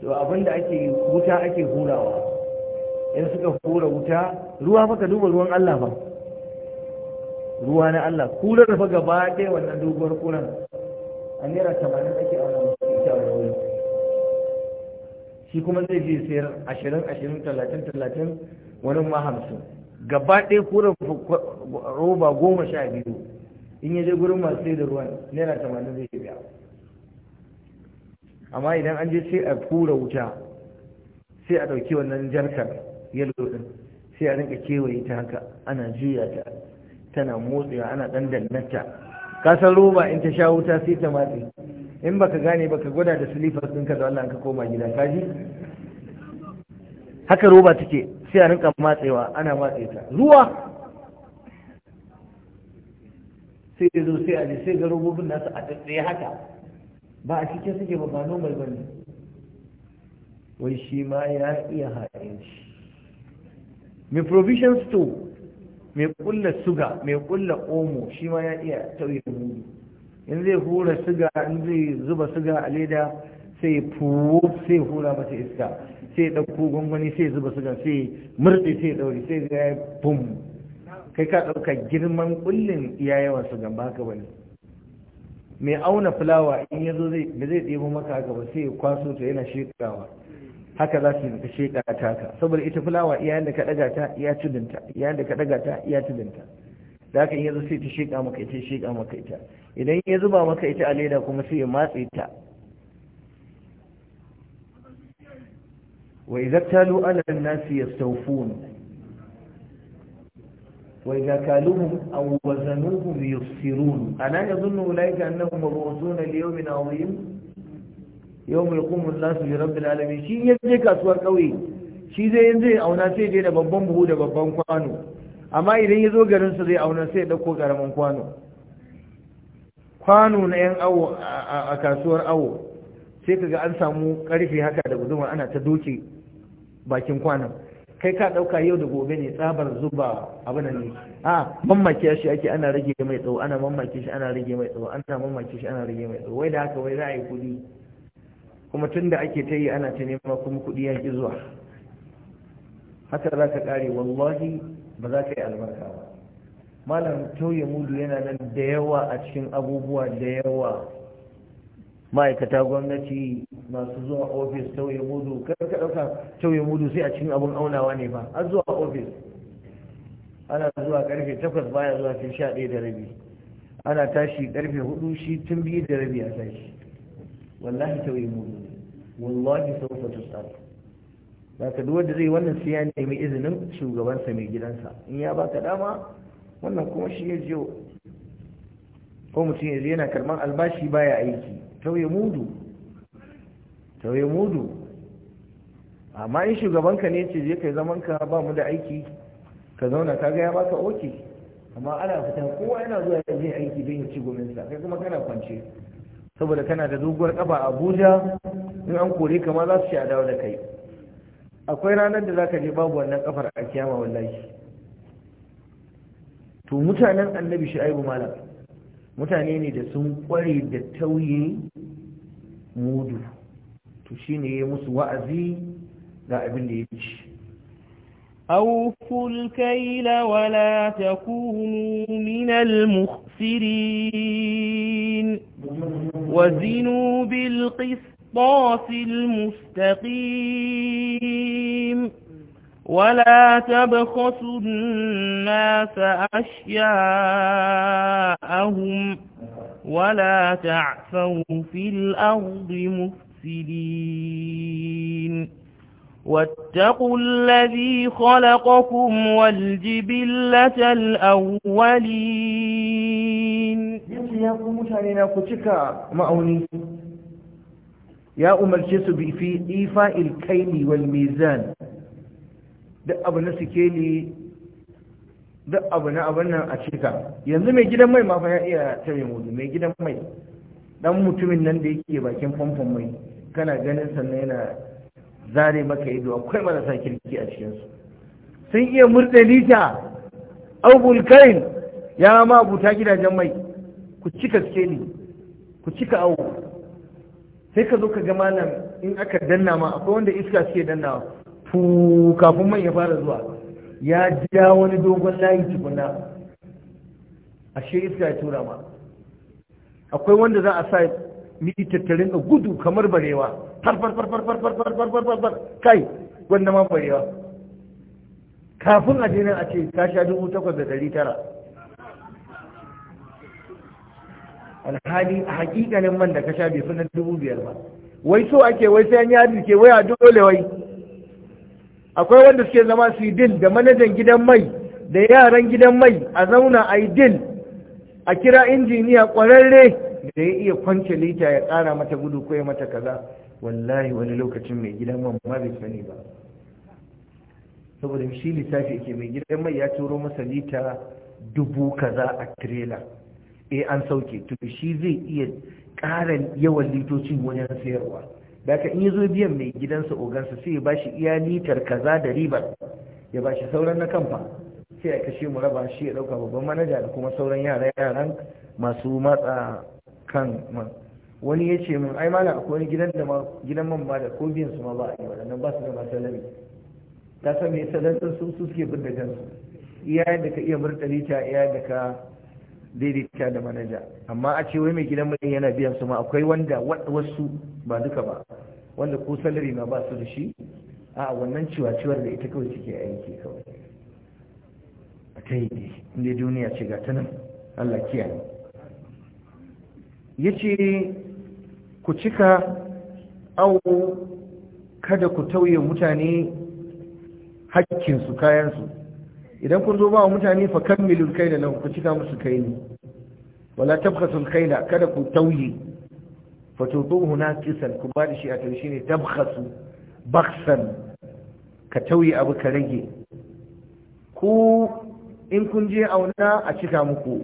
to abinda ake wuta ake hurawa in suka hura wuta ruwa fa ka duba ruwan Allah ba ruwa na Allah kular fa gaba ɗaya wannan doguwar kuran a naira tamanin ake a wannan ita a wani shi kuma zai je sayar ashirin ashirin talatin talatin wani ma hamsin gaba ɗaya kura roba goma sha biyu in ya je gurin masu sai da ruwan naira tamanin zai biya amma idan an je sai a kura wuta sai a ɗauki wannan jarkar yalo din sai a rinka kewaye ta haka ana juya ta tana motsewa ana dan Ka kasar roba in ta sha wuta sai ta matse in baka gane baka gwada da silifar ɗinka da Allah ka koma gida kaji haka roba take sai a rinka matsewa ana matse ta ruwa sai ya zo sai a ne sai ga robobin nasu a tsaye haka ba a cikin suke ba ba normal wai shi ma ya iya haɗe shi mai provision store mai kulla suga mai kulla omo shi ma ya iya tauye mudu in zai hura suga in zai zuba suga a leda sai puwo sai hura mata iska sai ɗauko gwangwani sai zuba suga sai murɗe sai ɗauri sai ga bum kai ka ɗauka girman kullin iya yawan sugan ba haka bane mai auna fulawa in ya zo zai ɗebo maka haka ba sai ya kwaso ta yana shekawa haka za su yi ta sheƙa taka saboda ita fulawa iyayen da ka ɗaga ta iya tudunta iyayen da ka ɗaga ta iya tudunta da haka iya yanzu sai ta sheƙa maka ita sheƙa maka ita idan ya zuba maka ita a leda kuma sai ya matse ta wa idza talu ala an-nasi yastawfun wa idza kaluhum aw wazanuhum yusirun ala yadhunnu ulaika annahum mab'uthuna li yawmin 'azim yau mulkumun nasu bi rabbil alamin shi ya je kasuwar kawai shi zai yanzu zai auna sai dai da babban buhu da babban kwano amma idan ya zo garin su zai auna sai da dauko karamin kwano kwano na yan awo a kasuwar awo sai kaga an samu karfe haka da guduma ana ta doke bakin kwanan kai ka dauka yau da gobe ne tsabar zuba abin ne a mammake shi ake ana rage mai tsawo ana mamaki shi ana rage mai tsawo ana mamaki shi ana rage mai tsawo wai da haka wai za a yi kudi kuma tun da ake ta yi ana ta nema kuma kuɗi ya ƙi zuwa haka za ka ƙare wallahi ba za ka yi albarka ba malam tauye mudu yana nan da yawa a cikin abubuwa da yawa ma'aikata gwamnati masu zuwa ofis tauye mudu kar ka ɗauka tauye mudu sai a cikin abun aunawa ne ba an zuwa ofis ana zuwa karfe takwas baya zuwa sai sha ɗaya da rabi ana tashi karfe hudu shi tun biyu da rabi a tashi wallahi Tawai mudu wallahi sawfa ba ka duk da zai wannan sai ya nemi izinin shugabansa mai gidansa in ya baka dama wannan kuma shi ya jiyo ko mutum yanzu yana karban albashi baya aiki Tawai mudu Tawai mudu amma in shugabanka ne ce je kai ka ba mu da aiki ka zauna ka ga ya baka oke amma ana fita kowa yana zuwa ya je aiki don ya ci gominsa kai kuma kana kwance saboda kana da doguwar kafa a abuja in an kore kama za su ci dawo da kai akwai ranar da za ka je babu wannan kafar a kiyama wallahi to mutanen annabi shu'aibu malam mutane ne da sun kware da tauye mudu to shine ya musu wa'azi ga abin da ya ci أوفوا الكيل wala تكونوا من الخاسرين وزنوا بالقسطاس المستقيم ولا تبخسوا الناس أشياءهم ولا تعفوا في الأرض مفسدين واتقوا الذي خلقكم والجبلة الأولين يقول متعنينا كتك معوني يا أم الجسب في إيفاء الكيل والميزان duk abu na sikeli duk na abin a cika yanzu mai gidan mai mafa ya iya tare mudu mai gidan mai dan mutumin nan da yake bakin famfon mai kana ganin sannan yana zare maka ido akwai marasa kirki a cikinsu sun iya murɗe lita augul kain ya ma abuta gidajen mai ku cika skeli ku cika awo sai ka zo ka ga malam in aka danna ma akwai wanda iska suke danna. fu kafin mai ya fara zuwa ya ja wani dogon layi tukuna ashe iska ya tura ma akwai wanda za a sa mi tattalin gudu kamar barewa har far far far far far far far far far far kai wanda ma barewa kafin a jinin a ce ta sha dubu takwas da dari tara alhali a hakikalin man da ka sha bai fi na dubu biyar ba wai so ake wai sai an yadi ke wai a dole wai akwai wanda suke zama su yi dil da manajan gidan mai da yaran gidan mai a zauna a yi dil a kira injiniya kwararre da ya iya kwance lita ya kara mata gudu ko ya mata kaza wallahi wani lokacin mai gidan man ma bai sani ba saboda shi lissafi ke mai gidan mai ya turo masa lita dubu kaza a tirela E, eh, an sauke to shi zai iya ƙara yawan litocin wajen sayarwa da ka in yazo biyan mai gidansa ogansa sai ya bashi iya litar kaza da ribar ya bashi sauran na kamfa sai a kashe mu raba shi ya ɗauka babban manaja da kuma sauran yara yaran masu matsa kan wani ya ce min ai akwai wani gidan da man ba da ko biyan su ma ba a yi wadannan ba su da masu salami ta san me salatin su su suke bin da kansu iya yadda ka iya murtali ta iya yadda ka daidaita da manaja amma a ce wai mai gidan mai yana biyan su ma akwai wanda wasu ba duka ba wanda ko salari ma ba su da shi a wannan ciwa-ciwar da ita kawai suke aiki kawai a ta yi ne duniya ce ga ta nan allah kiyaye ya ce ku cika au kada ku tauye mutane haƙƙinsu, kayansu idan kun zo ba mutane fa kammilul kaina lahu ku cika musu kaini wala tabkhasul kaina kada ku tauye fa tuduhu naqisan ku ba shi a tashi ne tabkhasu baksan ka tauye abu ka rage ku in kun je auna a cika muku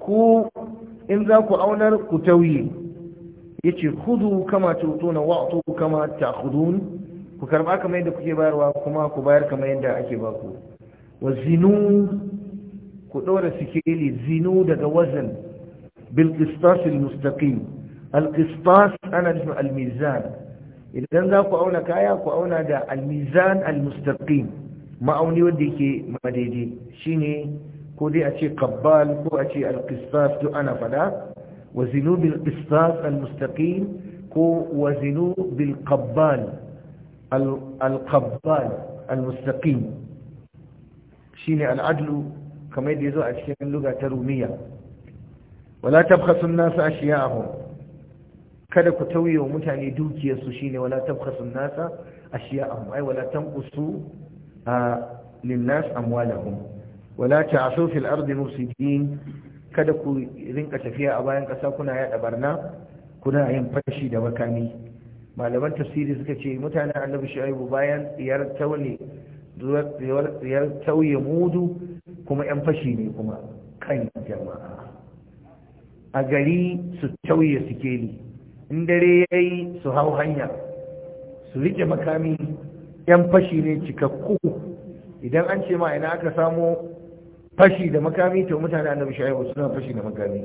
ku in za ku aunar ku tauye yace khudhu kama tu'tuna wa'tu kama ta'khudun ku karba kamar yadda kuke bayarwa kuma ku bayar kamar yadda ake baku wa zinu ku dora sikeli zinu daga wazan bil qistas al mustaqim al qistas ana nufin al mizan idan za ku auna kaya ku auna da al mizan al mustaqim ma'auni wanda yake madaidai shine ko dai a ce qabbal ko a ce al qistas duk ana fada wa zinu bil al mustaqim ko wa zinu bil qabbal al qabbal al mustaqim shine al adlu kamar yazo a cikin lugha ta kada ku tauye wa mutane dukiyarsu ne wala tabkhasu an-nas ashiya'ahum ay wala tanqusu lin-nas amwalahum wala ta'asu ardi mufsidin kada ku rinka tafiya a bayan ƙasa kuna yaɗa barna kuna yin fashi da makami malaman tafsiri suka ce mutane annabi shu'aibu bayan tsiyar tauye mudu kuma yan fashi ne kuma kan jama'a a gari su tauye sikeli in dare yayi su hau hanya su rike makami yan fashi ne cikakku idan an ce ma ina aka samo fashi da makami to mutane annabi shaibu suna fashi da makami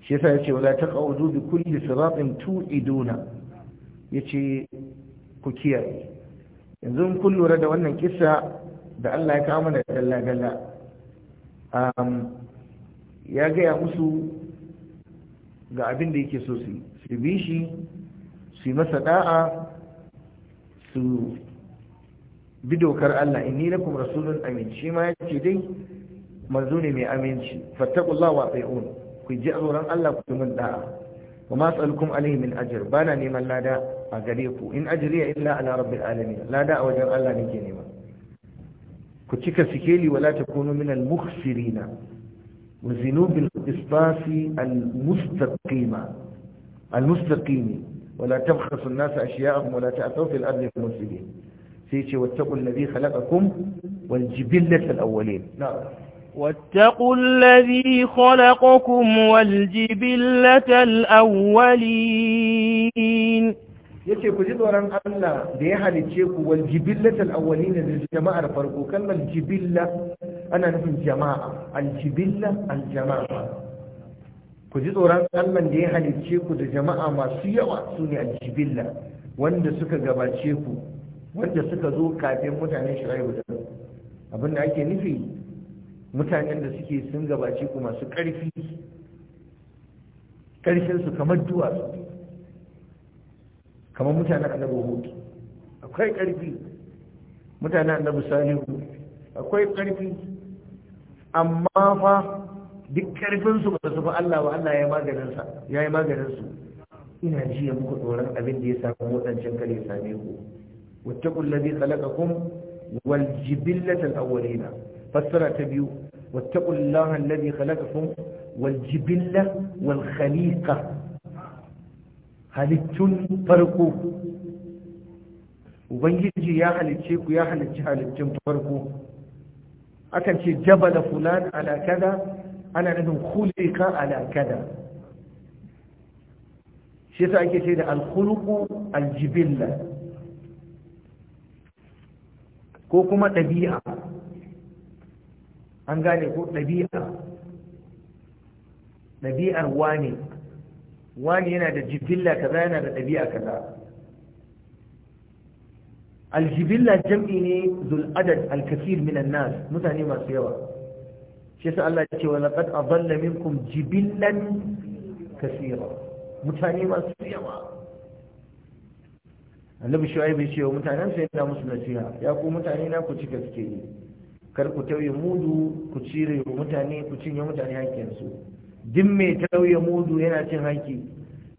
shi yasa yace wala taqudu bi kulli siratin tu'iduna yace ku kiyaye yanzu kun lura da wannan kissa da Allah ya kawo mana dalla dalla um ya gaya musu ga abin da yake so su yi su bi shi su yi masa da'a su bidokar Allah inni lakum rasulun amin shi ma yace dai manzo ne mai aminci fattaqullahu wa ta'un ku ji tsoron Allah ku mun da'a wa ma tsalukum alayhi min ajr bana ne man lada a gare ku in ajri illa ala rabbil alamin lada a wajen Allah nake nema ku cika sikeli wala takunu min al mukhsirina wa al qisbasi al mustaqima al mustaqimi ولا تبخسوا الناس أشياءهم ولا تأتوا في الأرض المفسدين sai ce wattaqul ladhi khalaqakum wal jibillatal awwalin واتقوا الذي خلقكم والجبلة الأولين yace ku ji tsoron Allah da ya halicce ku wal jibillatal awwalin da jama'ar farko kalmar jibilla ana nufin jama'a al jibilla al jama'a ku ji tsoron Allah da ya halicce ku da jama'a masu yawa sune al jibilla wanda suka gabace ku wanda suka zo kafin mutanen shuraibu da abinda ake nufi mutanen da suke sun gabaci ku masu ƙarfi su, kamar duwatsu kamar mutanen annabi hud akwai ƙarfi mutanen annabi salihu akwai ƙarfi amma fa duk ƙarfinsu ba su fa Allah wa Allah ya maganin sa ya yi maganin su ina jiya muku tsoron abin da ya samu wadancan kare same ku واتقوا الذي خلقكم والجبلة الأولين فسر تبيو واتقوا الله الذي خلقكم والجبلة والخليقة halittun farko ubangiji ya halicce ku ya halicci halittun farko akan ce jabala fulan ala kada ana nufin khuliqa ala kada shi yasa ake ce da alkhuluqu aljibilla ko kuma ɗabi'a an gane ko ɗabi'a ɗabi'ar wane wane yana da jibilla kaza yana da ɗabi'a kaza aljibilla jam'i ne zul'adad adad alkasir minan nas mutane masu yawa shi Allah ya ce wa laqad adalla minkum jibillan kaseera mutane masu yawa annabi shu'aib ya ce wa mutanen sai yana musu nasiha ya ku mutane na ku cika suke yi kar ku tauye mudu ku cire mutane ku cinye mutane su duk mai tauye mudu yana cin hakki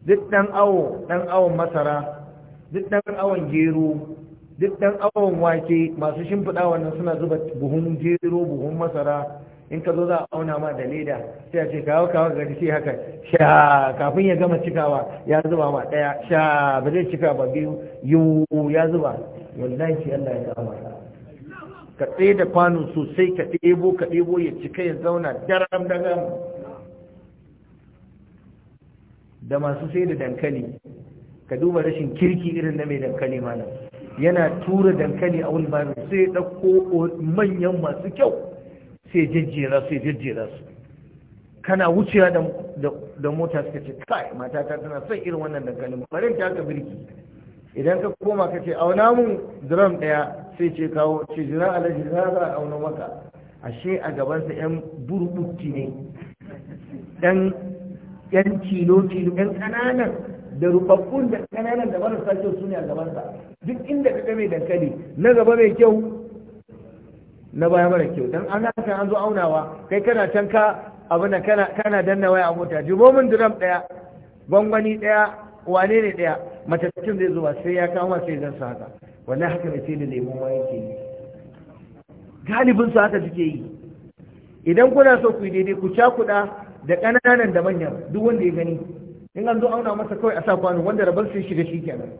duk dan awo dan awon masara duk dan awon gero duk dan awon wake masu shimfiɗa wannan suna zuba buhun gero buhun masara in ka zo za a auna ma da leda sai a ce kawo kawo ga sai haka sha kafin ya gama cikawa ya zuba ma daya sha ba zai cika ba biyu yu ya zuba wallahi Allah ya kama ka tsaye da kwano sosai ka ɗebo ka ɗebo ya cika ya zauna daram daram da masu sai da dankali ka duba rashin kirki irin na mai dankali malam yana tura dankali a bayan sai ya ɗauko manyan masu kyau sai jejjera sai jejjera su kana wucewa da mota suka ce kai mata ta tana son irin wannan dankalin bari ta ka birki idan ka koma ka ce auna mun drum daya sai ce kawo ce jira alaji za a auna maka ashe a gabansa yan burbutti ne dan yan tilo tilo yan kananan da rubabbun da kananan da marasa kyau su ne a gabansa duk inda ka mai dankali na gaba mai kyau na baya mara kyau dan an haka an zo aunawa kai kana can ka abu na kana danna waya a mota jimomin min drum daya gwangwani daya wane ne daya matattun zai zuwa sai ya kama sai zan sa haka wannan haka mai da lemon waya ke yi galibin su haka suke yi idan kuna so ku daidai ku kuɗa da ƙananan da manyan duk wanda ya gani in an zo auna masa kawai a sa kwano wanda rabar sai shiga shi kenan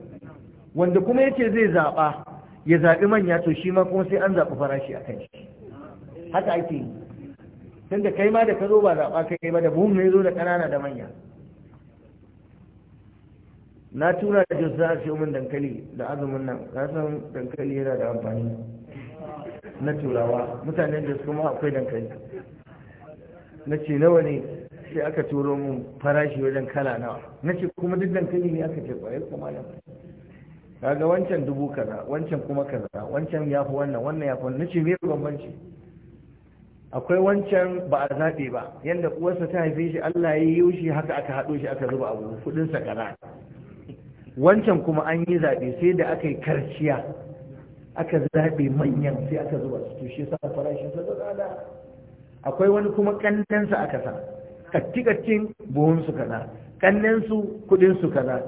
wanda kuma yace zai zaɓa ya zaɓi manya to shi ma kuma sai an zaɓi farashi a kan shi haka ake yi tun da kai ma da ka zo ba zaɓa kai ba da buhun ne zo da ƙanana da manya na tura da jos za a siyo min dankali da azumin nan ka san dankali yana da amfani na turawa mutanen da kuma akwai dankali na ce nawa ne sai aka turo mun farashi wajen kala nawa na ce kuma duk dankali ne aka ce ƙwayar kuma da kaga wancan dubu kaza wancan kuma kaza wancan ya fi wannan wannan ya fi wannan nace mai bambanci akwai wancan ba a zaɓe ba yadda uwarsa ta haife shi Allah ya yi shi haka aka haɗo shi aka zuba abu kudin sa kaza wancan kuma an yi zaɓe sai da aka yi karciya aka zaɓe manyan sai aka zuba su shi sa farashin sa da akwai wani kuma ƙannensa aka sa kattikattin buhun su kaza ƙannensu kudin su kaza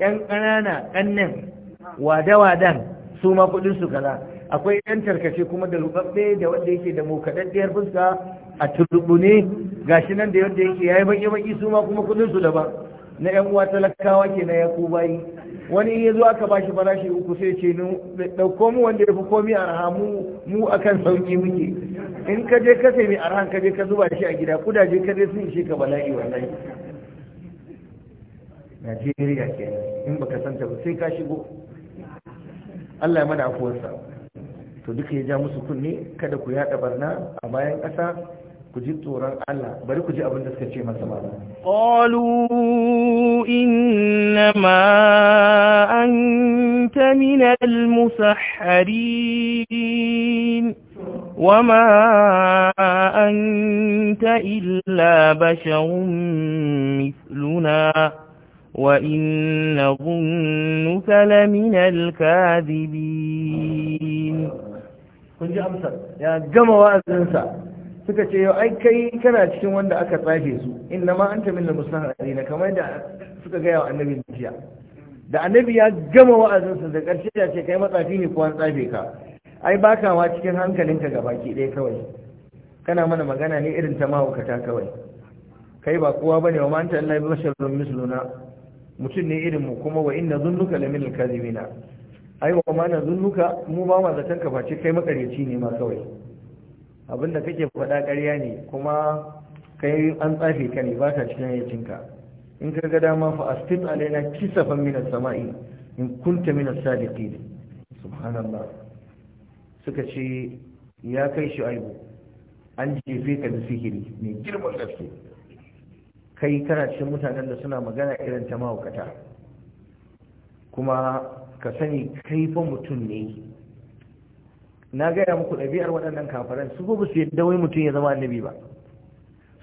'yan ƙanana ƙannen wada-wadan su ma kudin su kaza akwai yan tarkace kuma da rubabbe da wanda yake da mokadaddiyar fuska a turbune gashi nan da yadda yake yayi baki baki su ma kuma kudin su daban na yan uwa talakawa ke na yaku bayi wani ya zo aka bashi farashi uku sai ce nu dauko mu wanda ya fi komi arha mu mu akan sauki muke in ka je ka sai mai arhan ka je ka zuba shi a gida kudaje ka je sun ishe ka bala'i wallahi Najeriya ke in baka santa ba sai ka shigo Allah ya mana afuwarsa to duka ya ja musu kunne kada ku yaɗa barna a bayan ƙasa ku ji tsoron Allah bari ku ji abin da suka ce masa ba qalu innama anta min al-musahharin وما أنت إلا بشر مثلنا وإن نظنك لمن الكاذبين kun ji amsar ya gama wa'azinsa suka ce yau ai kai kana cikin wanda aka tsafe su inna ma anta min al-mustahzina kamar da suka gaya wa annabi jiya da annabi ya gama wa'azinsa da ƙarshe ya ce kai matsafi ne kuwa tsafe ka ai baka ma cikin hankalinka ga baki ɗaya kawai kana mana magana ne irin ta mahaukata kawai kai ba kowa bane wa manta Allah bi basharun misluna mutum ne irin mu kuma wa inna zunnuka lamin alkazimina ai wa na zunnuka mu ba ma zatan ka face kai makareci ne ma kawai da kake faɗa ƙarya ne kuma kai an tsafe ka ne ba ka cikin hayyacinka in ka ga dama fa astin alaina kisafan min as-sama'i in kunta min as-sadiqin subhanallah suka ce ya kai shu'aibu an jefe ka da sihiri mai girman gaske kai kana cikin mutanen da suna magana irin ta mahaukata kuma ka sani kai fa mutum ne na gaya muku ɗabi'ar waɗannan kafaran su ba su yadda wai mutum ya zama annabi ba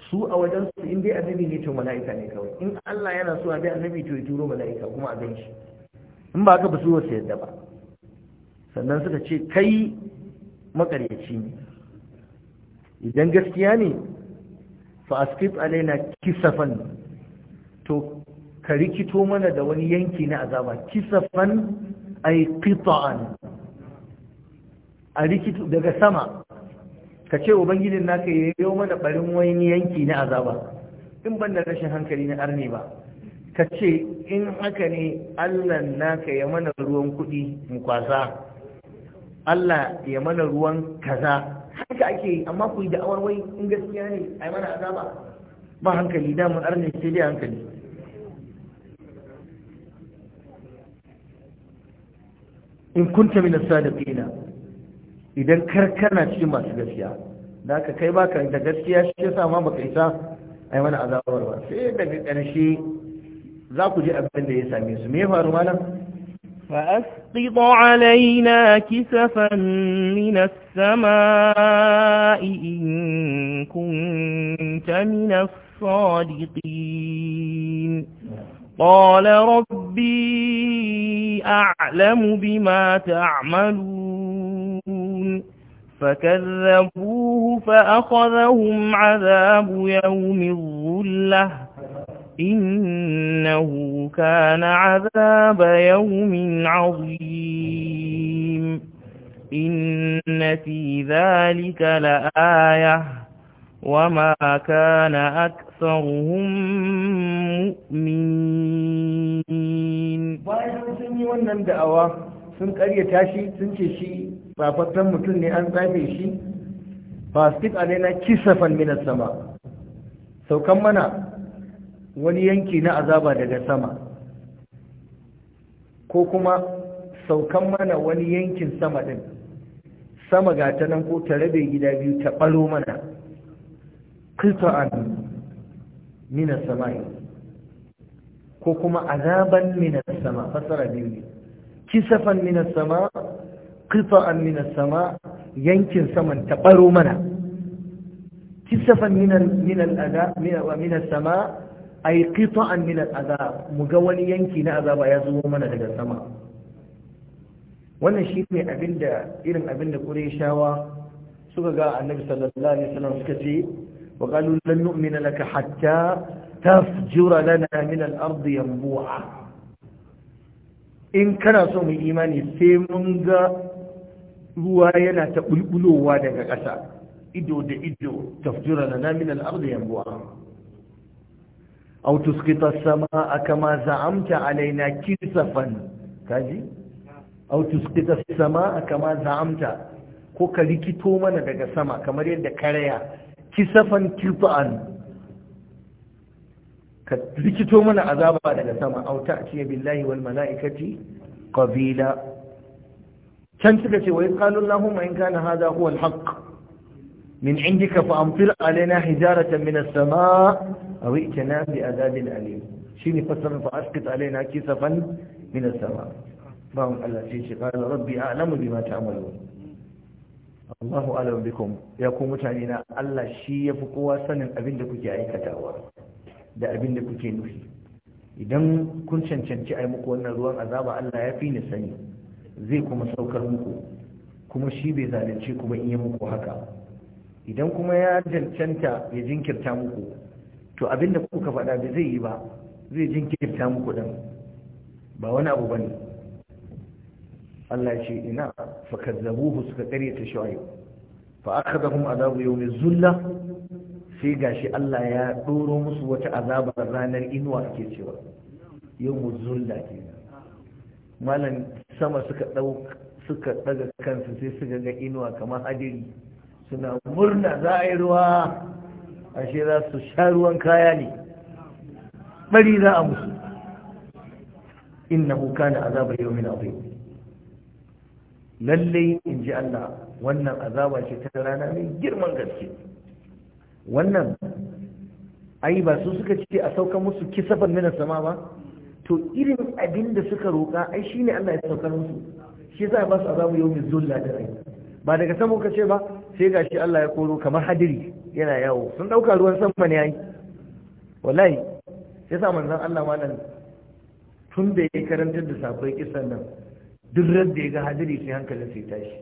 su a wajen su in dai annabi ne to mala'ika ne kawai in Allah yana so a bi annabi to ya turo mala'ika kuma a gan in ba ka ba su ba su yadda ba sannan suka ce kai makaryaci ne idan gaskiya ne fa asqit alaina kisafan to ka rikito mana da wani yanki na azaba kisafan ay qita'an a rikito daga sama ka ce ubangijin naka ya yi mana barin wani yanki na azaba in ban da rashin hankali na arni ba ka ce in haka ne allah naka ya mana ruwan kuɗi mu kwasa allah ya mana ruwan kaza haka ake yi amma ku yi da'awar wai in gaskiya ne a yi mana azaba ba hankali damun arne sai dai hankali in kunta min sadiqina idan karkana cikin masu gaskiya da ka kai baka da gaskiya shi yasa ma baka isa yi mana azabar ba sai daga ƙarshe za ku ji abin da ya same su me ya faru malam فأسقط علينا كسفا من السماء إن كنت من الصادقين قال ربي أعلم بما تعملون فكذبوه فأخذهم عذاب يوم الظلة إنه كان عذاب يوم عظيم إن في wa لآية وما كان أكثرهم مؤمنين bayan sun yi wannan da'awa sun karyata shi sun ce shi fafattan mutum ne an tsafe shi ba su alaina kisafan minas sama saukan mana wani yanki na azaba daga sama ko kuma saukan mana wani yankin sama din sama ga ta nan ko ta rabe gida biyu ta ɓaro mana qita'an min as-sama'i ko kuma azaban mina sama fasara biyu ne kisafan mina sama qita'an min sama yankin saman ta ɓaro mana kisafan mina al-ada min sama ay qita'an min aza, mu ga wani yanki na azaba ya zo mana daga sama wannan shi ne abinda irin abinda qurayshawa suka ga annabi sallallahu alaihi wasallam suka ce wa qalu lan nu'mina laka hatta tafjura lana min al-ard yanbu'a in kana so mu imani sai mun ga ruwa yana ta bulbulowa daga ƙasa ido da ido tafjura lana min al-ard yanbu'a aw tusqita as-samaa'a kama za'amta alaina kisafan kaji aw tusqita as-samaa'a kama za'amta ko ka rikito mana daga sama kamar yadda karaya kisafan kirfa'an ka rikito mana azaba daga sama aw ta'tiya billahi wal mala'ikati qabila can suka ce wa in qalu allahumma in kana hadha huwa al-haqq min indika fa amtir alaina hijaratan min as-samaa aw i'tina bi azabin alim shine fasara fa asqit alaina kisafan min as-samaa bawon Allah sai shi qala rabbi a'lamu bima ta'malun Allahu a'lamu bikum ya ku mutane na Allah shi yafi kowa sanin abinda kuke aikatawa da abinda kuke nufi idan kun cancanci yi muku wannan ruwan azaba Allah ya fi ni sani zai kuma saukar muku kuma shi bai zalunce kuma in yi muku haka idan kuma ya canta ya jinkirta muku to abinda kuka faɗa da zai yi ba zai jinkirta muku ɗan ba wani abu ba ne Allah ce ina fakazzabuhu suka ta shawai fa akhadahum azabu mai zulla sai gashi Allah ya ɗoro musu wata azabar ranar inuwa ke cewa yau mu zulla kenan malam sama suka ɗaga kansu sai suka ga inuwa kamar hadiri suna murna za a yi ruwa ashe za su sha ruwan kaya ne bari za a musu innahu na azabar yawmin azim lalle in ji Allah wannan azaba ce ta rana mai girman gaske wannan ai ba su suka ce a sauka musu kisafan minas sama ba to irin abin da suka roƙa ai shi ne Allah ya saukar musu shi za a ba su azabu mai zulla da rai ba daga sama ka ce ba sai ga shi Allah ya koro kamar hadiri yana yawo sun ɗauka ruwan sama ne yayi wallahi ya sa manzon Allah malam tun da karantar da sabai kisan nan duk da ya ga hadiri sai hankalin sai tashi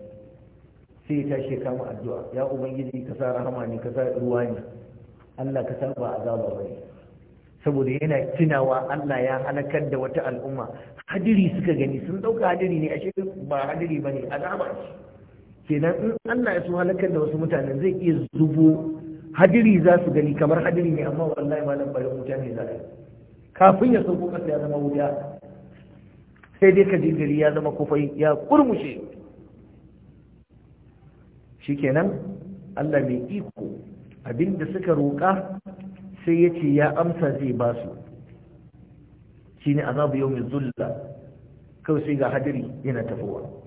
sai ya tashi ya kama addu'a ya ubangiji ka sa rahama ne ka sa ruwa ne Allah ka ba azaba bane saboda yana tunawa Allah ya halakar da wata al'umma hadiri suka gani sun ɗauka hadiri ne ashe ba hadiri bane azaba ce kenan in Allah ya so halakar da wasu mutanen zai iya zubo hadiri za su gani kamar hadiri ne amma wallahi malam bayan wuta ne za kafin ya sauko kasa ya zama wuta sai dai ka je gari ya zama kufai ya kurmushe shikenan Allah mai iko abinda suka roƙa sai ya ce ya amsa zai ba su shine azabu yau mai zulla kawai sai ga hadiri yana tafowa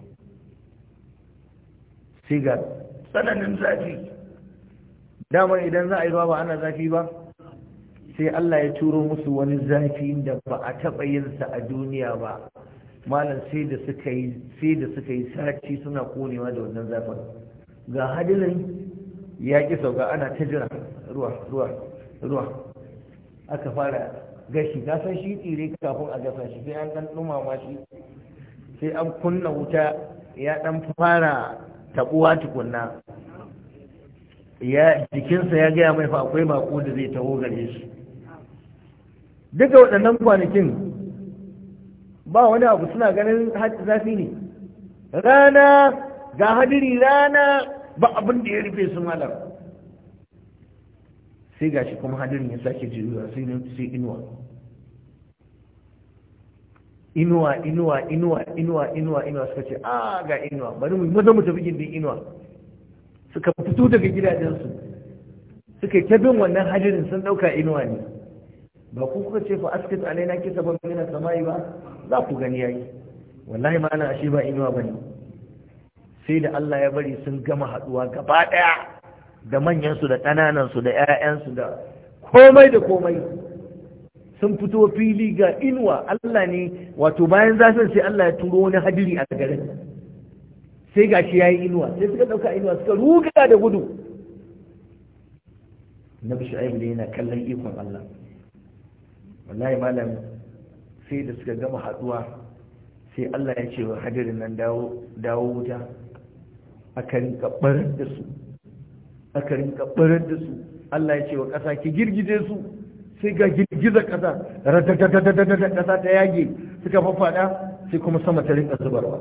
Siga, tsananin zafi dama idan za a yi ba ana zafi ba sai Allah ya turo musu wani zafi da ba a taɓa sa a duniya ba malam sai da suka yi sai da suka yi sati suna konewa da wannan zafin ga hadilin ya ƙi sauka ana ta jira ruwa ruwa ruwa aka fara gashi na san shi tsire kafin a gasa shi sai an dan dumama shi sai an kunna wuta ya dan fara Taɓuwa tukunna ya jikinsa ya gaya mai fa akwai bako da zai taho gare shi duka waɗannan kwanakin ba wani abu suna ganin zafi ne rana ga hadiri rana ba abin da ya rufe su malam sai gashi kuma hadirin ya sake jiriwa sai inuwa inuwa inuwa inuwa inuwa inuwa inuwa suka ce a ah, ga inuwa bari mu maza mu tafi gindin inuwa suka fito daga gidajensu suka yi bin wannan hajjirin sun ɗauka inuwa ne ba ku kuka ce fa askat alaina kisa ban na samai ba za ku gani yayi wallahi ma ana ashe ba inuwa bane sai da Allah ya bari sun gama haduwa gaba daya da manyan su da kananan su da ƴaƴan su da komai da komai sun fito fili ga inuwa Allah ne wato bayan zafin sai Allah ya turo wani hadiri a garin sai ga shi ya yi inuwa sai suka dauka inuwa suka ruga da gudu nabi shu'aib ne yana kallon ikon Allah wallahi malam sai da suka gama haduwa sai Allah ya ce wa hadirin nan dawo dawo wuta aka rinka barar da su aka rinka barar da su Allah ya ce wa ƙasa ki girgije su sai ga girgizar kasa kasa ta yage suka fafada sai kuma sama ta rika zubarwa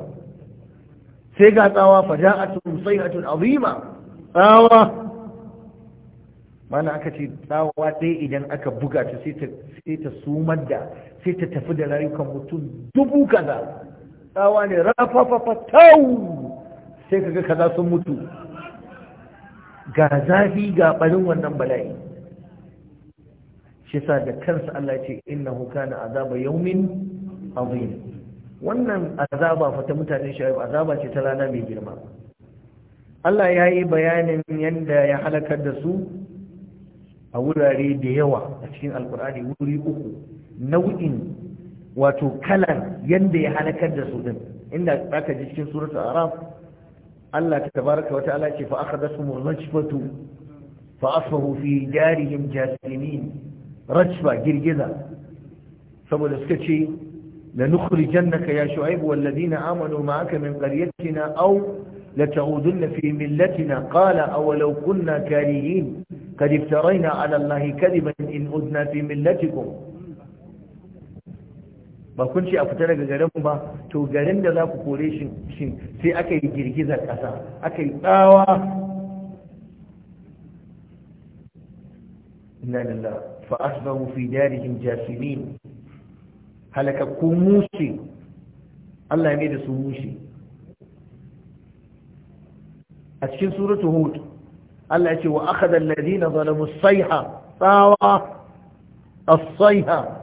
sai ga tsawa faja'atun sayhatun azima tsawa mana aka ce tsawa ɗaya idan aka buga ta sai ta sumar da sai ta tafi da rayukan mutum dubu kaza tsawa ne rafafafa tau sai kaga kaza sun mutu ga zafi ga ɓarin wannan bala'i shi sa da kansa Allah ya ce innahu kana azaba yawmin azim wannan azaba fa ta mutanen shayib azaba ce ta rana mai girma Allah ya yi bayanin yadda ya halakar da su a wurare da yawa a cikin alkur'ani wuri uku nau'in wato kalan yadda ya halakar da su din inda aka ji cikin suratu araf Allah ta tabaraka wa ta'ala ce fa akhadhatu murjfatu fa asbahu fi darihim jasimin rajfa girgiza saboda suka ce la nukhrijannaka ya shu'aib wal ladina amanu ma'aka min qaryatina aw la na fi millatina qala aw law kunna karihin qad iftarayna 'ala kadiban in udna fi millatikum ba kun ce a fita daga garin ba to garin da za ku kore shi sai akayi yi girgizar ƙasa aka yi inna lillahi فأصبحوا في دارهم جاثمين halakakkun mushe Allah ne da su mushe a cikin suratu hud Allah ce wa akhadha alladhina zalamu as-sayha tsawa as-sayha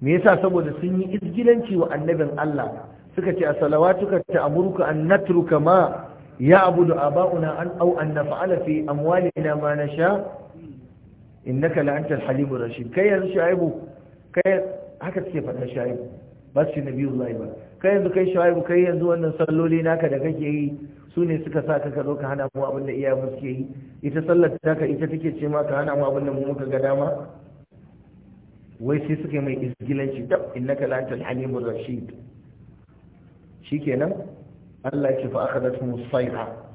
me yasa saboda sun yi izgilanci wa annabin Allah suka ce as-salawatuka ta'muruka an natruka ma ya'budu aba'una an aw an naf'ala fi amwalina ma nasha' innaka la antal rashid kai yanzu shaibu kai haka suke faɗa shaibu ba su nabiyullahi ba kai yanzu kai shaibu kai yanzu wannan salloli naka da kake yi su ne suka sa ka zo ka hana mu abin da iyayen suke yi ita sallar ka ita take ce ma ka hana mu abin da mu muka ga dama wai sai suka mai isgilanci dab innaka la antal halimur rashid shikenan Allah ya ce fa akhadathum as-sayha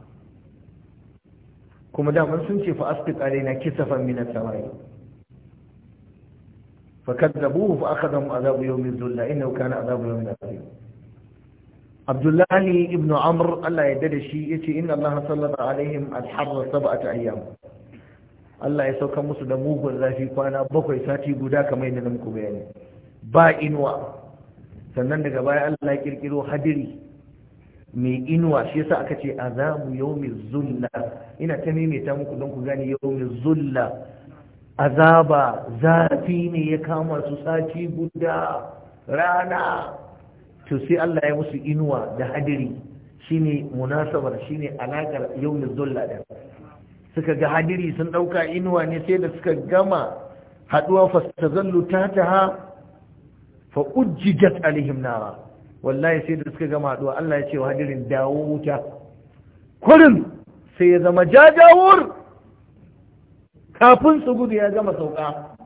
kuma daman sun ce fa asfiq alaina kisafan min as-samai fa kadzabuhu fa akhadhahum adhabu yawm az-zulla innahu kana adhabu yawm azim Abdullahi ibn Amr Allah ya dade shi yace inna Allah sallata alaihim al-harra sab'ata ayyam Allah ya sauka musu da mugun zafi kwana bakwai sati guda kamar yadda muku bayani ba inuwa sannan daga baya Allah ya kirkiro hadiri mai inuwa shi yasa aka ce azabu yawmi zulla ina ta maimaita muku don ku gani yawmi zulla azaba zafi ne ya kama su sati guda rana to sai Allah ya musu inuwa da hadiri shine munasabar shine alakar yawmi zulla da suka ga hadiri sun dauka inuwa ne sai da suka gama haduwa fastazallu tataha fa ujjijat alaihim nara wallahi sai da suka gama haɗuwa Allah ya ce wa hadirin dawo wuta kurin sai ya zama jajawur kafin su gudu ya gama sauka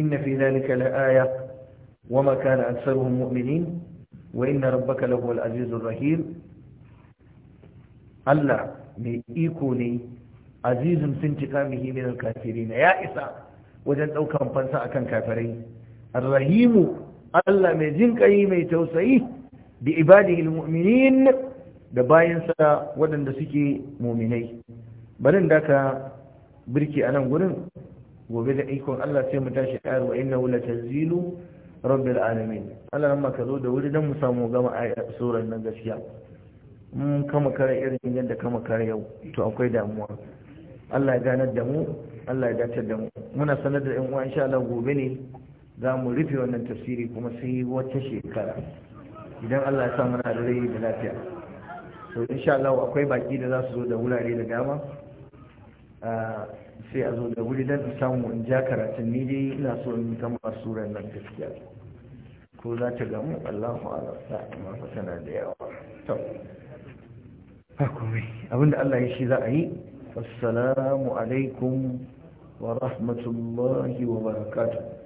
inna fi zalika la'aya wa ma kana aktsaruhum mu'minin wa inna rabbaka lahuwal azizur rahim Allah mai iko ne azizun sun ci kamihi min al-kafirin ya isa wajen daukan fansa akan kafirai ar-rahimu Allah mai jin kai mai tausayi da ibadihi almu'minin da bayansa waɗanda suke mu'minai barin daka birki anan gurin gobe da ikon Allah sai mu tashi ayar wa innahu latanzilu rabbil alamin Allah amma ka zo da wuri dan mu samu gama ayar surar nan gaskiya mun kama kare irin yadda kama kare yau to akwai damuwa Allah ya ganar da mu Allah ya dace da mu muna sanar da yan uwa insha Allah gobe ne za mu rufe wannan tafsiri kuma sai wata shekara idan Allah ya samu na da da lafiya so insha Allah akwai baki da za su zo da wurare da dama ah, sai a zo da wuri don in samu in ja karatun ni dai ina so in gama surar nan gaskiya ko za ta gamu Allahu ala a fa tana da yawa to ba komai abinda Allah ya shi za a yi assalamu alaikum wa rahmatullahi wa barakatuh